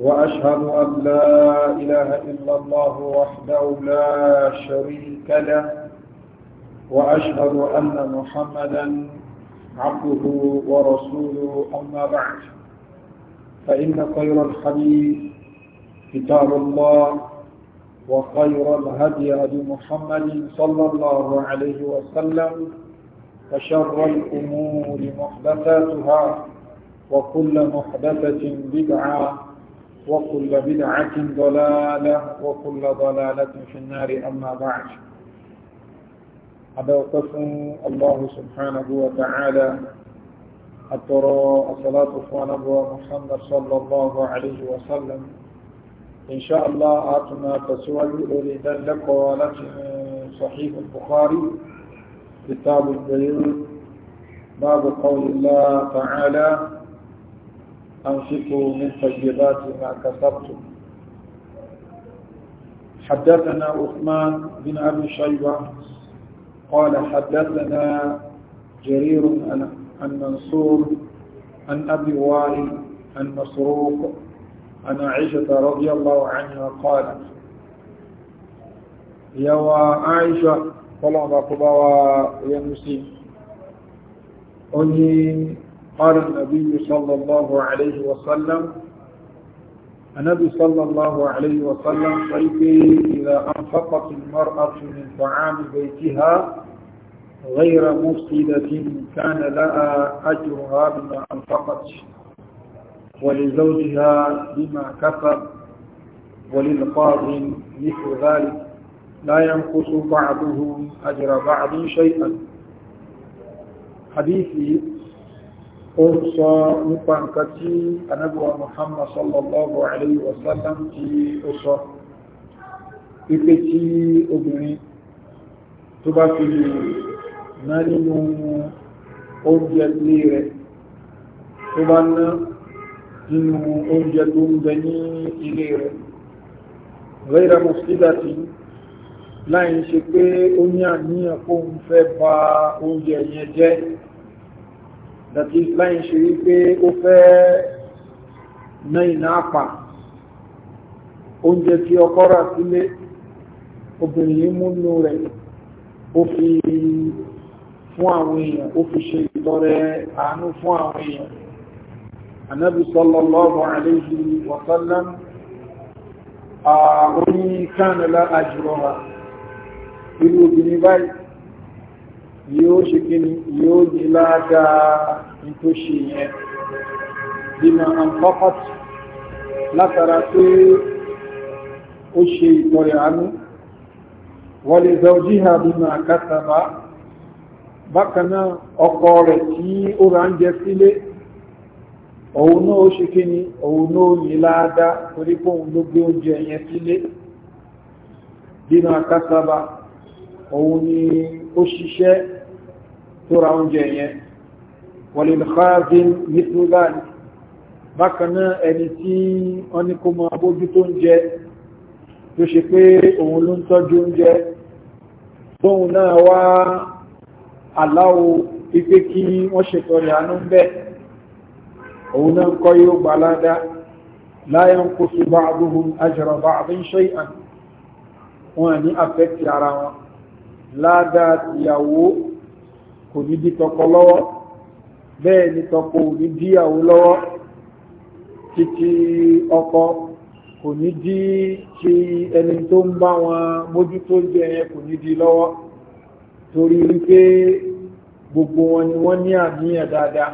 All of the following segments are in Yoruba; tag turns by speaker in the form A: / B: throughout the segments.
A: وأشهد أن لا إله إلا الله وحده لا شريك له وأشهد أن محمدا عبده ورسوله أما بعد فإن خير الحديث كتاب الله وخير الهدي هدي محمد صلى الله عليه وسلم وشر الأمور محدثاتها وكل محدثة بدعة وكل بدعة ضلالة وكل ضلالة في النار أما بعد أدوقف الله سبحانه وتعالى أترى الصلاة فنبوى محمد صلى الله عليه وسلم إن شاء الله أعطنا تسوي أريد لك ولكن صحيح البخاري كتاب البيوت باب قول الله تعالى أنفقوا من طيبات ما كسبتم حدثنا عثمان بن أبي شيبة قال حدثنا جرير عن منصور عن أبي وائل عن مسروق عن عائشة رضي الله عنها قالت يا عائشة فلما يا مسلم أني قال النبي صلى الله عليه وسلم النبي صلى الله عليه وسلم قلبي إذا أنفقت المرأة من طعام بيتها غير مفسدة كان لها أجرها بما أنفقت ولزوجها بما كسب وللقاضي مثل ذلك لا ينقص بعضهم أجر بعض شيئا حديثي ó sọ nípa nǹkan tí anábíwa muhammad sallallahu alayhi wa sallam tí ó sọ ipe tí obìnrin tó bá fi lè ná nínú oúnjẹ ilé rẹ̀ tó bá ná nínú oúnjẹ tó ń bẹ ní ilé rẹ̀ rẹ́ra mọ̀sílẹ̀tì láì ṣe pé ó ní àníyàn kó ń fẹ́ ba oúnjẹ yẹn jẹ́ dàbí láyìn ṣe rí pé ó fẹ́ ná iná apà oúnjẹ tí ọkọ rà sílé obìnrin yìí múnú rẹ̀ ó fi fún àwọn èèyàn ó fi ṣe ìtọrẹ àánú fún àwọn èèyàn anábì sallallahu alayhi wa sallam oní kánilá àjùrọ̀ irú obìnrin báyìí yóò ṣe kíni yóò jí ládáa ní tó ṣe yẹn bímọ àǹfọ́kọ̀tì látara pé ó ṣe ìtọrẹ àánú wọlé zaujíhà bímọ àkásàbá bákanáà ọkọ rẹ̀ tí ó rà ń jẹ sílé òun náà ó ṣe kíni òun náà ní ládáa torí pé òun ló gbé oúnjẹ yẹn sílé bímọ tó ra oúnjẹ yẹn wọlé lùkọ́rọ̀dín mítúláàdì bákan náà ẹni tí wọ́n ní kó mọ abójú tó ń jẹ tó ṣe pé òun ló ń tọ́jú oúnjẹ tóun náà wá aláwo ipé kí wọ́n ṣètò rẹ̀ àánú ń òun náà kọ́ yóò gbà ládá láyán kó sí bá àdúhùn ajọ̀rọ̀bá àbín ìhàn wọn ní àfẹ́kì ara wọn ládá tìyàwó kò ní dí tọkọ lọ́wọ́ bẹ́ẹ̀ ni tọkọ ò ní dí ìyàwó lọ́wọ́ títí ọkọ kò ní dí ti ẹni tó ń bá wọn mójútó jẹ yẹn kò ní dí lọ́wọ́ torí wípé gbogbo wọn ni wọ́n ní àníyàn dáadáa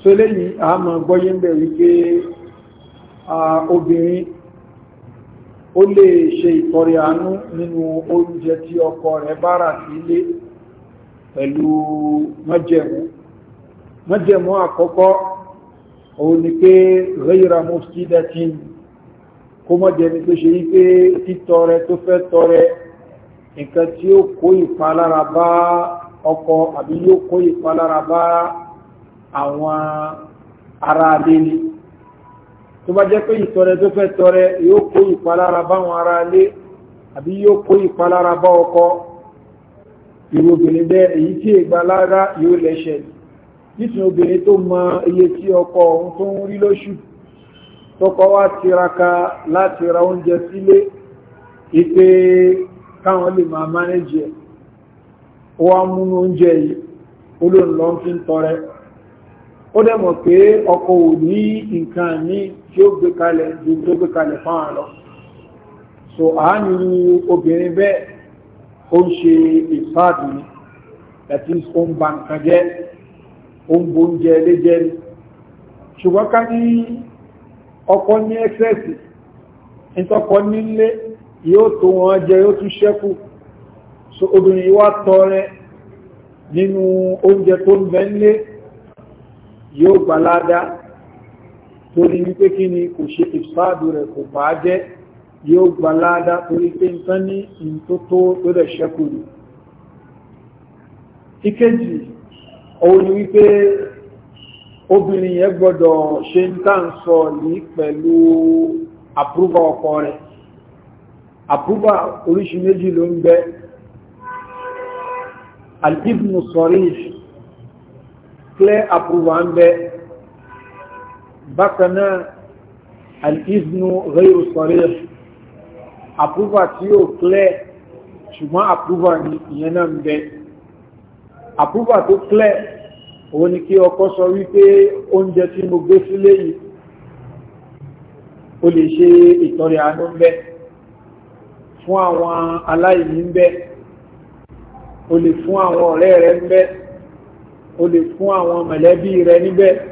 A: so lẹ́yìn àmọ́ gbọ́yé ń bẹ̀ wípé obìnrin ó lè ṣe ìtọrẹ àánú nínú oúnjẹ tí ọkọ rẹ̀ bá rà sílé pẹ̀lú májẹ̀mú májẹ̀mú àkọ́kọ́ òun ni pé rẹ́yìnra mọ́sídẹ́tìn kó mọ́jẹ̀mí tó ṣe wípé títọrẹ tó fẹ́ tọrẹ nǹkan tí ó kó ìpalára bá ọkọ àbí yóò kó ìpalára bá àwọn ará adé ni tó bá jẹ́ pé ìtọrẹ tó fẹ́ tọrẹ yóò kó ìpalára báwọn ará ilé àbí yóò kó ìpalára bá ọkọ ìwò obìnrin bẹ́ èyí tí ègbà lára yóò lẹ́ṣẹ̀ nítorí obìnrin tó mọ iye tí ọkọ òun tó ń rí lóṣù tọkọ wá tiraka láti ra oúnjẹ sílé ìpé káwọn lè máa mánéjì ẹ̀ ó wá mú oúnjẹ yìí olóòlò fi ń tọrẹ ó dẹ̀ mọ̀ pé ọkọ ò ní nǹkan míì tí ó gbé kalẹ̀ ju tó gbé kalẹ̀ fún àlọ́ so àánú obìnrin bẹ́ẹ̀ ó ń ṣe ìfáàdù ni that is ó ń ba nǹkan jẹ́ ó ń bóúnjẹ léjẹ́ ni ṣùgbọ́n ká ní ọkọ ní ẹ́sẹ̀sì ìtọ́kọ nílé yóò tó wọn jẹ yóò tún ṣẹ́kù so obìnrin wá tọrẹ nínú oúnjẹ tó ń bẹ nílé yóò gbàládá torí wípé kí ni kò ṣe ìfáàdù rẹ̀ kò bá jẹ́ yóò gba ládá torí pé nǹkan ní ìtótó tó rẹ̀ ṣẹ́kù ni ìkejì òun ni wípé obìnrin yẹn gbọ́dọ̀ ṣe ń tà ń sọ yìí pẹ̀lú àpúrúbà ọkọ rẹ̀ àpúrúbà oríṣi méjì ló ń bẹ al-ibnu clear approval ń bẹ bákan náà al-iznu ghayru sarih àpúvà tí ó clear ṣùgbọ́n àpúvà ni ìyẹn náà ń bẹ àpúvà tó clear òun ni kí ọkọ sọ wípé oúnjẹ tí mo gbé sílé yìí ó lè ṣe ìtọrẹ àánú ń bẹ fún àwọn aláìní ń bẹ ó lè fún àwọn ọ̀rẹ́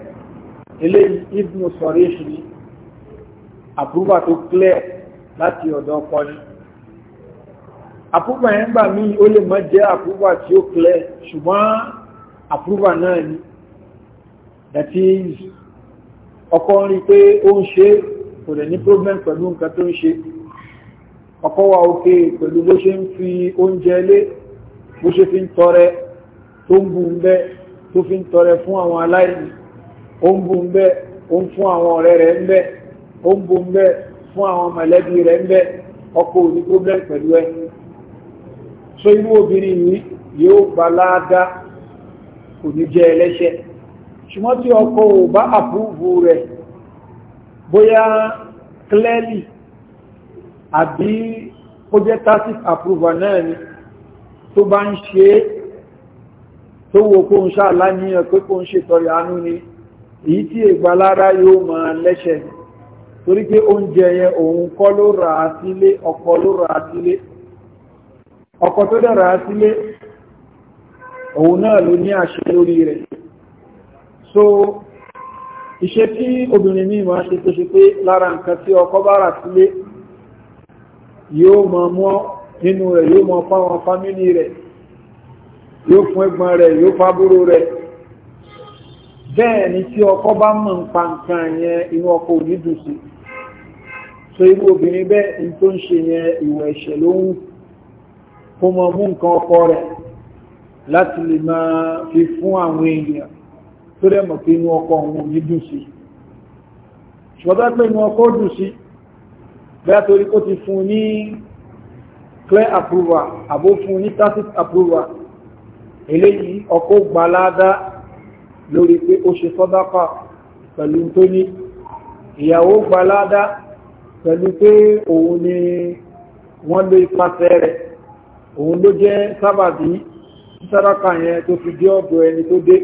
A: eléyìí ibnu sọ̀rọ̀ ni àbúrúbà tó clear láti ọ̀dọ̀ ọkọ ni àbúrúbà yẹn gbà mí ó lè mọ́ jẹ́ àbúrúbà tí ó clear ṣùgbọ́n àbúrúbà náà ni that is ọkọ ń rí pé ó ń ṣe kò rẹ̀ ní problem pẹ̀lú nǹkan tó ń ṣe ọkọ wa òkè pẹ̀lú bó ṣe ń fi oúnjẹ lé bó ṣe fi ń tọrẹ tó ń bù ń bẹ́ tó fi ń tọrẹ fún àwọn aláìní ó ń bu ń bẹ́ ó ń fún àwọn ọ̀rẹ́ rẹ̀ ń bẹ́ ó ń bu ń bẹ́ fún àwọn mọ̀lẹ́bí rẹ̀ ń bẹ́ ọkọ̀ òní problem pẹ̀lú ẹ so irú obìnrin yìí yóò gba láàdá kò ní jẹ ẹlẹ́ṣẹ̀ ṣùgbọ́n tí ọkọ̀ ò bá àpúrúvù rẹ̀ bóyá clearly àbí ó jẹ́ tacit approval náà ni tó bá ń ṣe tó wo kó ń ṣáà láníyàn pé kó ń ṣètọrẹ àánú ni èyí tí ìgbàlára yóò máa lẹ́ṣẹ̀ torí pé oúnjẹ yẹn òun kọ́ ló rà á sílé ọkọ ló rà á sílé ọkọ tó dẹ̀ á sílé òun náà ló ní àṣẹ lórí rẹ̀ so iṣẹ́ tí obìnrin ní ìmọ̀ ṣe tó ṣe pé lára nǹkan tí ọkọ bá rà sílé yóò mọ̀ mọ́ nínú rẹ̀ yóò mọ̀ fáwọn fámílì rẹ̀ yóò fún ẹgbọ́n rẹ̀ yóò fábúrò rẹ̀ bẹ́ẹ̀ ni tí ọkọ bá mọ̀ ń pa nǹkan yẹn inú ọkọ òní dùn sí so irú obìnrin bẹ́ẹ̀ ní tó ń ṣe yẹn ìwà ẹ̀ṣẹ̀ ló ń kó mọ mú nǹkan ọkọ rẹ̀ láti lè máa fi fún àwọn èèyàn tó dẹ̀ mọ̀ pé inú ọkọ òun òní sí ṣùgbọ́n pé inú ọkọ dùn sí bẹ́ẹ̀ torí kó ti fún ní clear approval àbó fún ní tacit approval eléyìí ọkọ gbalada lórí pé ó ṣe sọ́dápà pẹ̀lú tó ní ìyàwó gbaládá pẹ̀lú pé òun ni wọ́n ló ipasẹ̀ rẹ̀ òun ló jẹ́ sábàbí sáraka yẹn tó fi dé ọ̀dọ̀ ẹni tó dé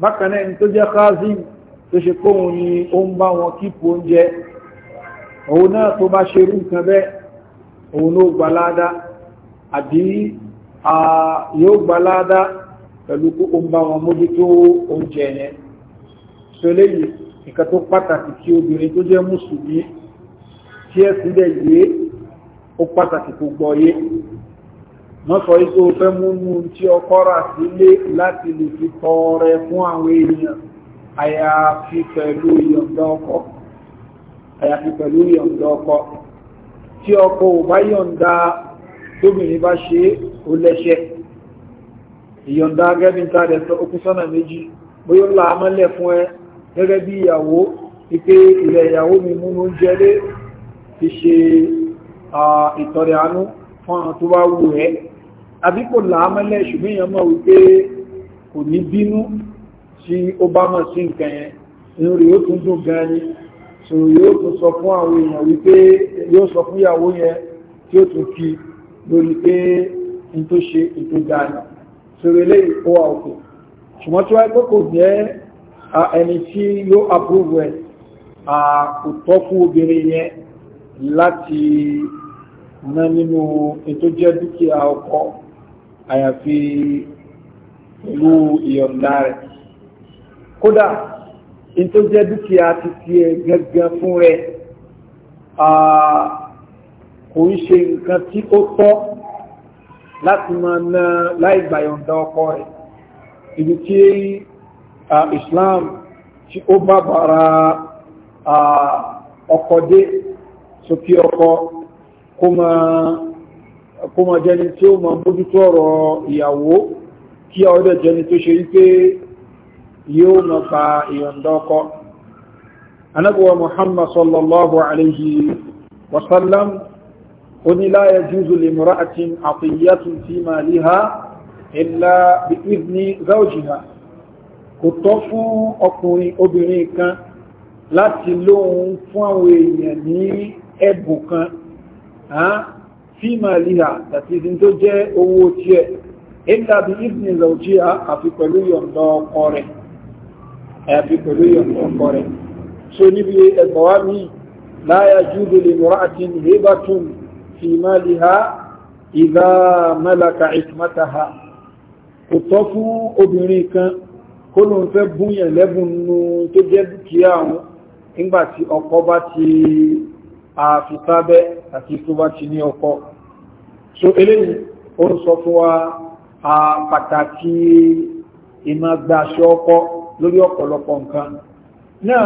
A: bákan náà tó jẹ́ khazim tó ṣe pé òun ni ó ń bá wọn kíkù oúnjẹ òun yóò gbaládá pẹ̀lú kó o ń bá wọn mójútó oúnjẹ yẹn so léyìí nǹkan tó pàtàkì kí obìnrin tó jẹ́ mùsùlùmí tí ẹ̀sìn dẹ̀ yé ó pàtàkì kó gbọ́ yé wọ́n sọ ikú fẹ́ múnú tí ọkọ rà sílé láti lè fi tọrẹ fún àwọn èèyàn àyàfi pẹ̀lú ìyọ̀ǹda ọkọ àyàfi pẹ̀lú ìyọ̀ǹda ọkọ tí ọkọ ò bá yọ̀ǹda tóbìnrin bá ṣe ó lẹ́ṣẹ̀ẹ́ ìyọ̀nda gẹ́bí ta rẹ̀ sọ okú sọ́nà méjì bóyá ńlá amọ́lẹ̀ fún ẹ gẹ́gẹ́ bí ìyàwó ipé ilẹ̀ ìyàwó mi múnú jẹ́ lé ti ṣe ìtọrẹ àánú fún àwọn tó bá wù ẹ́ àbí kò là amọ́lẹ̀ ṣùgbọ́n èèyàn mọ̀ wípé kò ní bínú tí ó bá mọ̀ sí nǹkan yẹn inú sọ̀rọ̀ ilé ìkówà òkè ṣùgbọ́n tí wáyé pé kò jẹ́ ẹni tí yóò approve ẹ̀ kò tọ́ fún obìnrin yẹn láti ná nínú ètò jẹ́ dúkìá ọkọ àyàfi pẹ̀lú ìyọ̀ǹda rẹ̀ kódà ètò jẹ́ dúkìá ti ti ẹ̀ gẹ́gẹ́ fún rẹ̀ kò ń ṣe nǹkan tí ó tọ́ láti máa ná láì gbàyọ̀ǹda ọkọ rẹ̀ ibi tí Islam tí ó bá bára ọkọ dé sókè ọkọ kó máa jẹni tí ó máa mójútó ọ̀rọ̀ ìyàwó kí ọdẹ jẹni tó ṣe wípé yóò máa gba ìyọ̀ǹda ọkọ anábíwá Muhammad sallallahu alayhi wasallam oníláyà jùzù lè mọ́ra àti àfihàtù tí ma lè ha ilá ìdní zaujina kò tọ́ fún ọkùnrin obìnrin kan láti lóhun fún àwọn èèyàn ní ẹ̀bùn kan tí ma lè ha àti ìdí tó jẹ́ owó tí ẹ̀ ilá ìdní zaujina àfi pẹ̀lú yọ̀ndọ̀ ọkọ rẹ̀ àfi pẹ̀lú yọ̀ndọ̀ ọkọ rẹ̀ so níbi ẹgbọ̀wá mi láyà jùzù lè mọ́ra àti ìhébàtún fi maliha ìdá mẹ́laka ìtumátàhá kò tọ́ fún obìnrin kan kó ló ń fẹ́ búyàn lẹ́bùn nínú tó jẹ́ dúkìá àwọn nígbàtí ọkọ bá ti àfitábẹ́ àti tó bá ti ní ọkọ so eléyìí ó ń sọ fún wa a pàtàkì ìmọ̀ gbàṣẹ ọkọ lórí ọ̀pọ̀lọpọ̀ nǹkan náà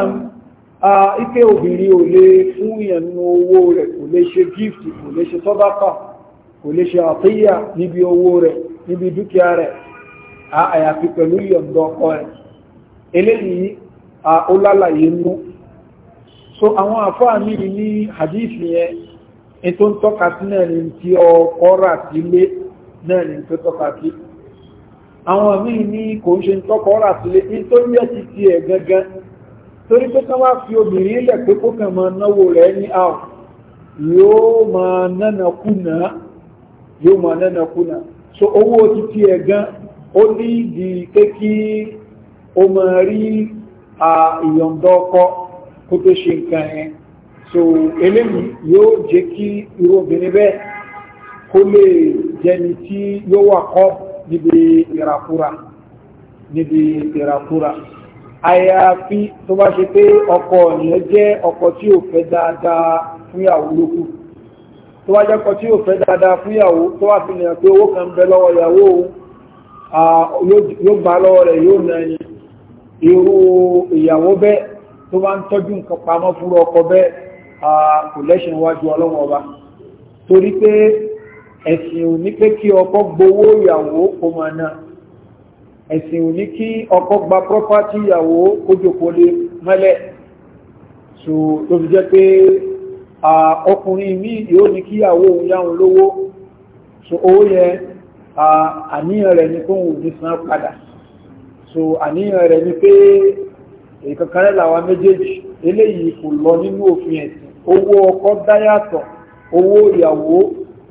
A: ike obìnrin ò lè fún ìyànnú owó rẹ̀ kò lè ṣe gift kò lè ṣe sọ́bápà kò lè ṣe àtẹ́yà níbi owó rẹ̀ níbi dúkìá rẹ̀ àyàfi pẹ̀lú ìyọ̀ǹdọ̀ ọkọ rẹ̀ eléyìí ó lálàyé mú so àwọn àfáà mìírí ní hadith yẹn in ń tọ́ka sí náà ni tí ọkọ rà sílé náà ni tó tọ́ka sí àwọn míì ní kò ń ṣe ń tọ́kọ rà sílé in tó yẹ ti tiẹ̀ gangan torí pé kán wá fi obìnrin lẹ̀ pé kó kàn máa náwó rẹ̀ ní àwọn yóò máa nánà kùnà yóò máa nánà kùnà so owó títí ẹ̀ gan ó ní ìdí kékí ó máa rí ìyọ̀ǹda ọkọ kó tó ṣe nǹkan yẹn so eléyìí yóò jẹ́ kí irú obìnrin bẹ́ẹ̀ kó lè jẹni tí yóò wà kọ́ níbi ìràkúra níbi ìràkúra àyàfi tó bá ṣe pé ọkọ ìyẹn jẹ́ ọkọ tí ò fẹ́ dáadáa fún ìyàwó lókù tó wá jẹ́ ọkọ tí ò fẹ́ dáadáa fún ìyàwó tó wà fi nìyàn pé owó kan bẹ lọ́wọ́ ìyàwó yóò gbà lọ́wọ́ rẹ̀ yóò nà ẹni irú ìyàwó bẹ́ẹ̀ tó bá ń tọ́jú nǹkan pamọ́ fúnrú ọkọ bẹ́ẹ̀ kò lẹ́ṣin wájú ọlọ́wọ́ ọba torí pé ẹ̀sìn ò ní pé kí ọkọ gbowó ìyàwó kò máa náà ẹ̀sìn ò ní kí ọkọ gba property ìyàwó kójókòólé mẹ́lẹ̀ so tó fi jẹ́ pé ọkùnrin míì yóò ní kí ìyàwó òun yáhùn lówó so owó yẹn àníyàn rẹ̀ ni kó òun san padà so àníyàn rẹ̀ ni pé ìkankanrẹ́ làwọn méjèèjì eléyìí kò lọ nínú òfin ẹ̀sìn owó ọkọ dáyàtọ̀ owó ìyàwó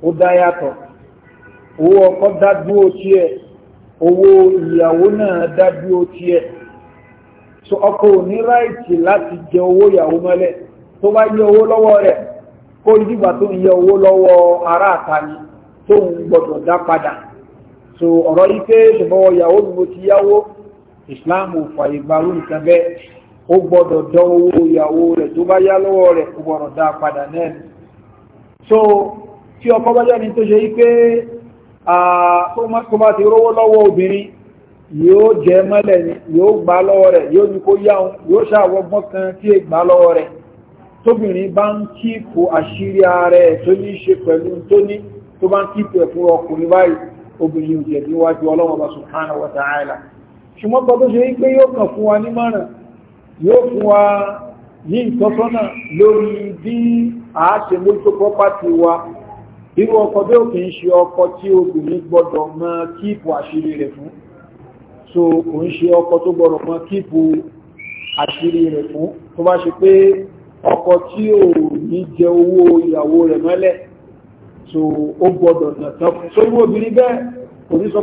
A: ó dáyàtọ̀ owó ọkọ dá tí ẹ̀ owó ìyàwó náà dájú ó ti so ọkọ ò ní ráìtì láti jẹ owó ìyàwó mọ́lẹ̀ tó bá yẹ owó lọ́wọ́ rẹ̀ kó dìgbà tó ń yẹ owó lọ́wọ́ ará àtàní tó ń gbọdọ̀ dá padà so ọ̀rọ̀ yìí pé ṣùgbọ́n ìyàwó ni mo ti yáwó islam ò fà ìgbàrú nǹkan bẹ́ẹ̀ ó gbọdọ̀ dán owó ìyàwó rẹ̀ tó bá yá lọ́wọ́ rẹ̀ ó gbọdọ̀ dá padà náà so tí ọkọ bá jẹ́ tó ṣe yí pé tó bá ti rówó lọ́wọ́ obìnrin yóò jẹ mọ́lẹ̀ ni yóò gbá lọ́wọ́ rẹ̀ yóò ní kó yáun yóò ṣàwọ́gbọ́n kan tí è gbá lọ́wọ́ rẹ̀ tóbìnrin bá ń kíkò àṣírí ààrẹ tó ní ṣe pẹ̀lú tó ní tó bá ń kíkò ẹ̀fún ọkùnrin báyìí obìnrin ò wájú ọlọ́wọ́ irú ọkọ̀ bí ó kìí ṣe ọkọ̀ tí obìnrin gbọ́dọ̀ mọ́ kíìpù àṣírí rẹ̀ fún so kò ń ṣe ọkọ̀ tó gbọ́dọ̀ mọ́ kíìpù àṣírí rẹ̀ fún tó bá ṣe pé ọkọ̀ tí ò ní jẹ owó ìyàwó rẹ̀ mọ́lẹ̀ so ó gbọ́dọ̀ nàtàn fún so irú obìnrin bẹ́ẹ̀ kò ní sọ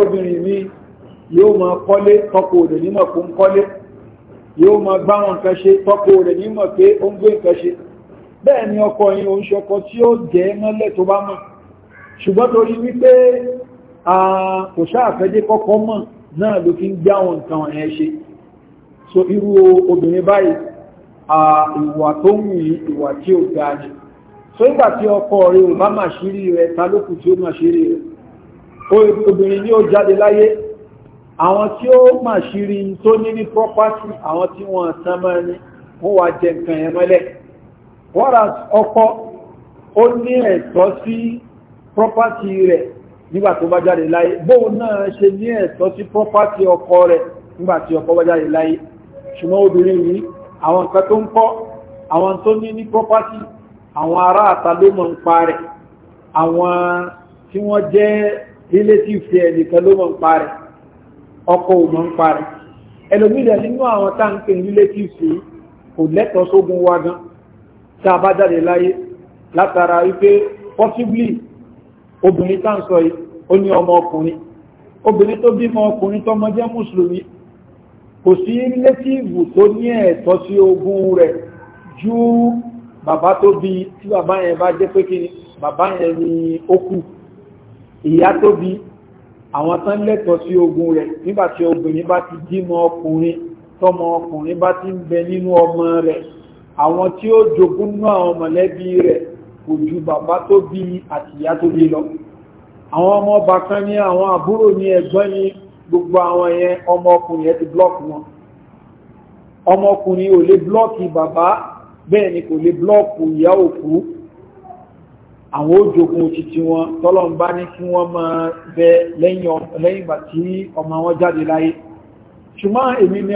A: obìnrin mi yóò máa kọ́lé tọ́kọ òdè nímọ̀ kó ń kọ́lé yóò máa gbá wọn nǹkan ṣe tọ́kọ òdè nímọ̀ pé ó ń gbé nǹkan ṣe bẹ́ẹ̀ ni ọkọ yìí òun ṣọkọ tí ó jẹ́ mọ́lẹ̀ tó bá mọ̀ ṣùgbọ́n torí wípé kò sáàfẹ́dé kọ́kọ́ mọ̀ náà ló fi ń gbá wọn nǹkan ẹ̀ ṣe so irú obìnrin báyìí ìwà tó ń yìí ìwà so nígbà tí ọkọ rẹ̀ ò bá máa ṣírí rẹ̀ ta lókù àwọn tí ó mà ṣírí tó ní ní property àwọn tí wọ́n tán mọ́ ní wọ́n wá jẹ nǹkan ẹ̀ mọ́lẹ̀ wọ́ra ọkọ ó ní ẹ̀tọ́ sí property rẹ̀ nígbà tó bá jáde láyé bóun náà ṣe ní ẹ̀tọ́ sí property ọkọ rẹ̀ nígbà tí ọkọ bá jáde láyé ṣùgbọ́n obìnrin yìí àwọn nǹkan tó ń kọ́ àwọn tó ní ní property àwọn ará àtàló mọ̀ ń pa rẹ̀ àwọn tí wọ́n jẹ́ relative ẹnìkan ló mọ̀ ń pa rẹ̀ ọkọ̀ ò mọ̀ ń parẹ́ ẹlòmílẹ̀ nínú àwọn táǹkì relatives yìí kò lẹ́tọ̀ọ́ sógun wá gan tá a bá jáde láyé látara wípé possibly obìnrin tá ń sọ yìí ó ní ọmọ ọkùnrin obìnrin tó bímọ ọkùnrin tọmọ jẹ́ mùsùlùmí kò sí relative tó ní ẹ̀tọ́ sí ogun rẹ̀ ju bàbá tó bí tí bàbá yẹn bá jẹ́ pé kí bàbá yẹn ni ó kù ìyá tó bí àwọn tán lẹ́tọ̀ sí ogun rẹ̀ nígbàtí obìnrin bá ti dímọ ọkùnrin tọmọ ọkùnrin bá ti ń bẹ nínú ọmọ rẹ̀ àwọn tí ó jogún náà àwọn mọ̀lẹ́bí rẹ̀ kò ju bàbá tó bí àtìyá tó bí lọ àwọn ọmọ ọba kan ní àwọn àbúrò ní ẹ̀gbọ́n ní gbogbo àwọn yẹn ọmọ ọkùnrin yẹn ti blọ́ọ̀kì wọn ọmọkùnrin ò lè blọ́ọ̀kì bàbá bẹ́ẹ̀ ni kò lè blọ́ọ̀kì ìyá òkú àwọn òjògùn òtítí wọn tọ́lọ̀n bá ní kí wọ́n máa bẹ lẹ́yìn bà tí ọmọ wọn jáde láyé ṣùgbọ́n èmi ni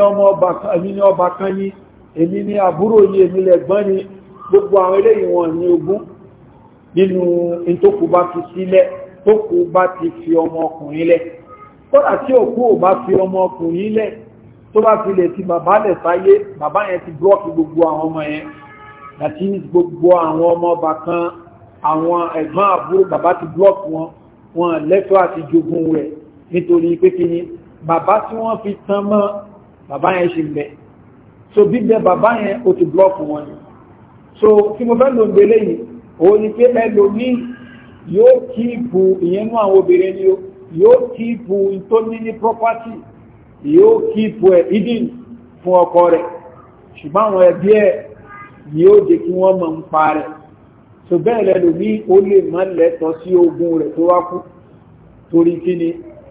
A: ọba kan ní èmi ni àbúrò ní èmi lẹ́gbọ́n ní gbogbo àwọn eléyìn wọn ní ogún nínú ìtókù bá fi sílẹ̀ tókù bá ti fi ọmọ ọkùnrin lẹ̀ kọ́dà tí òkú ò bá fi ọmọ ọkùnrin lẹ̀ tó bá fi lè ti bàbá lẹ̀ sáyé bàbá yẹn ti blọ́ọ̀kì gbogbo àwọn ọmọ yẹn àti gbogbo àwọn ọmọ ọba àwọn ẹ̀gbọ́n àbúrò bàbá ti block wọn wọn lẹ́tọ́ àti jogun rẹ̀ nítorí pé kí ni bàbá tí wọ́n fi tán mọ́ bàbá yẹn ṣe mẹ́ so bíbẹ bàbá yẹn ó ti block wọn ni so kí mo fẹ́ lò ń gbélé yìí òun ni pé ẹlòmíì yóò kíìpù ìyẹn àwọn obìnrin ni yóò kíìpù tó ní ní property yóò kíìpù ẹ̀ ìdí fún ọkọ rẹ̀ ṣùgbọ́n àwọn ẹbí ẹ̀ yóò jẹ́ kí wọ́n mọ̀ ń pa rẹ̀ so bẹ́ẹ̀ lẹ́nu ní ó lè má lẹ́tọ̀ sí ogun rẹ̀ tó wá kú torí kíni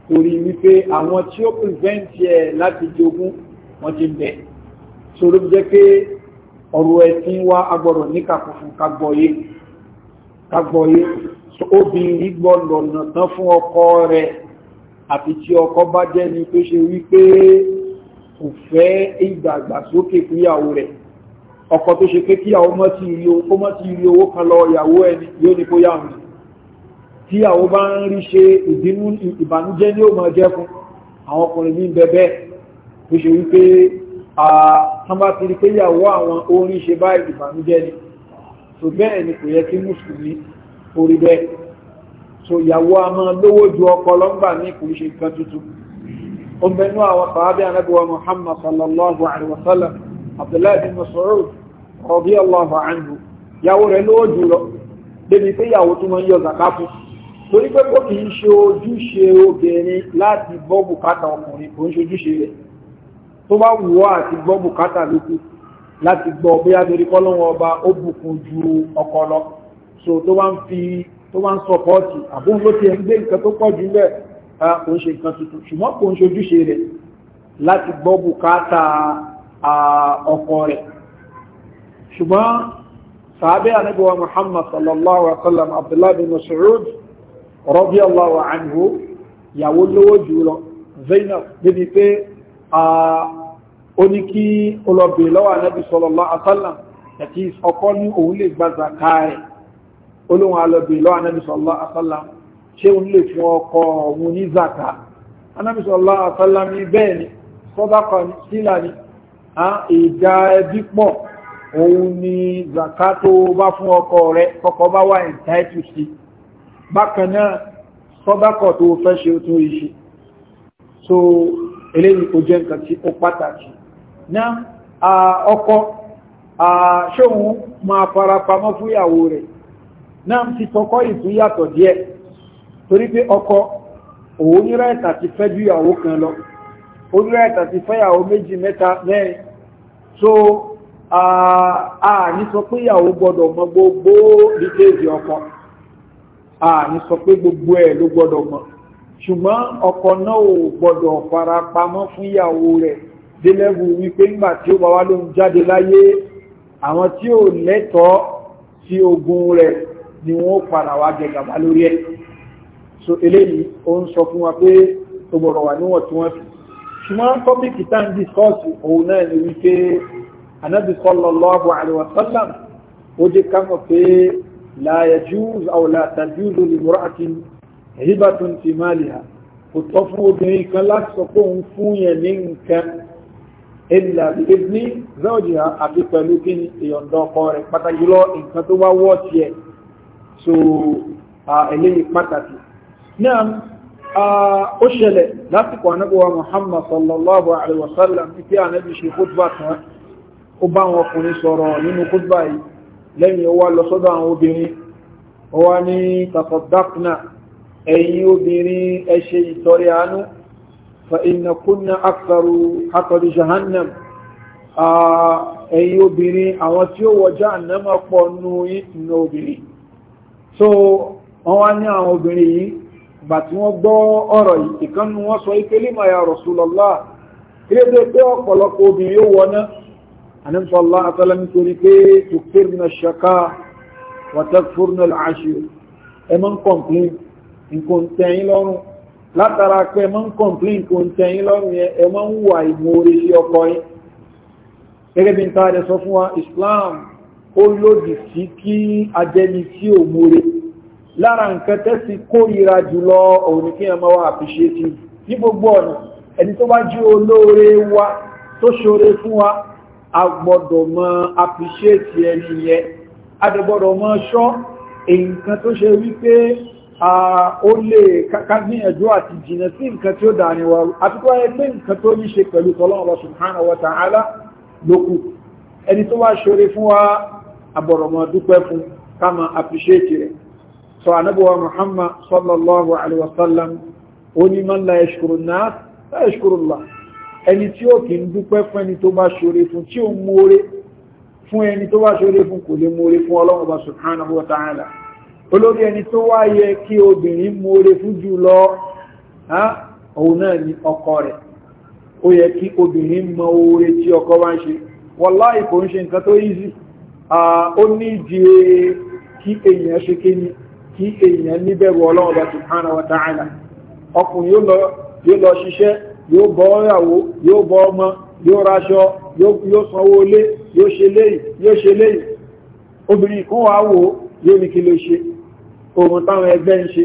A: torí wípé àwọn tí ó prevent ẹ láti jogún wọ́n ti bẹ̀ so ló jẹ́ pé ọ̀rọ̀ ẹ̀sìn wá agbọ̀rọ̀ níkàkùn fún kagbọ̀yé kagbọ̀yé so obìnrin gbọ́dọ̀ nà tán fún ọkọ rẹ̀ àti tí ọkọ bá jẹ́ ni tó ṣe wípé kò fẹ́ ìdàgbàsókè fúnyàwó rẹ̀ ọkọ tó ṣe pé kíyàwó mọ́ ti rí owó kó mọ́ ti rí owó kan lọ ìyàwó ẹni yóò ní kó yà wọn tíyàwó bá ń rí ṣe ìdínú ìbànújẹ́ ní ó mọ̀ jẹ́ fún àwọn ọkùnrin ní bẹ̀bẹ̀ tó ṣe wípé àtàbà ti àwọn so yàwó a máa lówó ju ọkọ lọ́ngbà ní kò ṣe nǹkan fàábí anábíwa muhammad sallallahu alaihi wasallam abdullahi bin masoud ọ̀bí ọlọ́ọ̀fà àìyàn yàwó rẹ̀ lówó jùlọ débi pé yàwó tó máa ń yọ zàká fún torí pé kò kì í ṣe ojúṣe obìnrin láti gbọ́ bùkátà ọkùnrin kò ń ṣe ojúṣe rẹ̀ tó bá wù ọ́ àti gbọ́ bùkátà lókù láti gbọ́ bóyá torí kọ́lọ́wọ́ ọba ó bùkún ju ọkọ lọ so tó bá ń fi tó bá ń sọpọ́ọ̀tì àbúrò ti ẹ̀ ń gbé nǹkan tó pọ̀ jù bẹ́ẹ̀ kò ń ṣe nǹkan tuntun ṣùgbọ́n kò ń ṣe ojúṣe rẹ̀ láti gbọ́ bùkátà ọkọ rẹ̀ ṣùgbọ́n sàábẹ́ àníbọ̀wà muhammad sallallahu alaihi wa sallam abdullahi bin masoud rọ́bí allahu anhu ìyàwó lówó jùlọ zainab níbi pé ó ní kí olọ́bẹ̀ lọ́wọ́ ànábì sallallahu alaihi wa sallam àti ọkọ́ ní òun lè gba zaka rẹ̀ olóhun alọ́bẹ̀ lọ́wọ́ ànábì sallallahu alaihi wa sallam ṣé òun lè fún ọkọ òun ní òun ni zaka tó bá fún ọkọ rẹ kọkọ bá wà ìtàìtù sí bákan náà sọ́bákọ̀ tó fẹ́ ṣe tó iṣẹ́ so eléyìí kò jẹ́ nǹkan tí ó pàtàkì náà ọkọ ṣóhun máa farapamọ́ fúyàwó rẹ̀ náà ti tọkọ ìfúyàtọ̀ díẹ̀ torí pé ọkọ òun ní rẹ̀ẹ̀tà ti fẹ́ ju ìyàwó kan lọ so ààní sọ pé ìyàwó gbọdọ̀ mọ gbogbo dítéèzì ọkọ ààní sọ pé gbogbo ẹ̀ ló gbọdọ̀ mọ ṣùgbọ́n ọkọ náà ò gbọdọ̀ fara pamọ́ fún ìyàwó rẹ̀ délẹ́bù wípé ńgbà tí ó bá wá ló ń jáde láyé àwọn tí ò lẹ́tọ̀ọ́ sí ogun rẹ̀ ni wọ́n padà wá jẹ gàba lórí ẹ̀ so eléyìí ó ń sọ fún wa pé ó gbọdọ̀ wà níwọ̀n tí ṣùgbọ́n tọ́pìkì tá ń discuss òun náà ni wípé anabi sallallahu alaihi wa sallam ó jẹ́ ká mọ̀ pé la yajuz aw la tajuz li mura'atin hibatun fi maliha kò tọ́ fún obìnrin kan láti sọ pé òun fún yẹn ní nǹkan illa bi idni zawjiha àti pẹ̀lú kí ni ìyọ̀ǹda ọkọ rẹ̀ pàtàkì lọ nǹkan tó wá wọ́ tiẹ̀ so eléyìí pàtàkì náà ó ṣẹlẹ̀ lásìkò anábọ̀wá muhammad sallallahu alaihi wa sallam ní kí khutbah kan ó bá àwọn ọkùnrin sọ̀rọ̀ nínú kútbà yìí lẹ́yìn ó wá lọ sọ́dọ̀ àwọn obìnrin ó wá ní tafadakna ẹ̀yin obìnrin ẹ ṣe ìtọrẹ àánú fa inna kunna aktaru jahannam ẹ̀yin obìnrin àwọn tí ó wọ jahannam pọ̀ nù so wọ́n wá ní àwọn obìnrin yìí bà tí wọ́n gbọ́ ọ̀rọ̀ ìkànnù wọ́n sọ kí lè pé ọ̀pọ̀lọpọ̀ obìnrin ó wọ àníṣọ́ allah atọ́lá nítorí pé tukfirna ṣaka watakfurna al'ashir ẹ máa ń kọ̀mplín nǹkan tẹ̀yìn lọ́rùn látara pé ẹ máa ń kọ̀mplín nǹkan tẹ̀yìn lọ́rùn yẹn ẹ máa ń wà ìmoore sí ọkọ yín gẹ́gẹ́ bí n ta rẹ̀ sọ fún wa islam ó lòdì sí kí ajẹ́ni tí ò lára nǹkan tẹ́sí kórìíra jùlọ òun kí ẹ máa àfiṣe sí ní gbogbo ọ̀nà ẹni tó bá jí olóore wa tó ṣoore fún wa agbọ́dọ̀ mọ́ appreciate ẹni yẹ adẹ́gbọ́dọ̀ mọ́ ṣọ́ nǹkan tó ṣe wípé ó lè kágbìyànjú àti jìnà sí nǹkan tí ó dániwá àtúkọ́ ẹgbẹ́ nǹkan tó ní ṣe pẹ̀lú tọ́lọ́wọ́ subhanahu wa ta'ala lókù ẹni tó wá ṣore fún wa agbọ̀rọ̀mọ̀ dúpẹ́ fún kama appreciate rẹ̀ muhammad sallallahu alaihi wasallam ó ní man la yashkuru nas ẹni tí ó kìí ń dúpẹ́ fún ẹni tó bá ṣore fún tí ó mọ́re fún ẹni tó bá ṣore fún kò lè mọ́re fún ọlọ́run olórí ẹni tó wá yẹ kí obìnrin mọ́re ọkọ rẹ̀ ó yẹ kí obìnrin mọ oore tí ọkọ bá ń ṣe wallahi kò ń ṣe nǹkan tó ó ní yóò bọ́ ìyàwó yóò bọ́ ọmọ yóò raṣọ yóò sanwó ilé yóò ṣe léyìí yóò ṣe léyìí obìnrin kan wà wò yóò ní kí ló ṣe ohun táwọn ẹgbẹ́ ń ṣe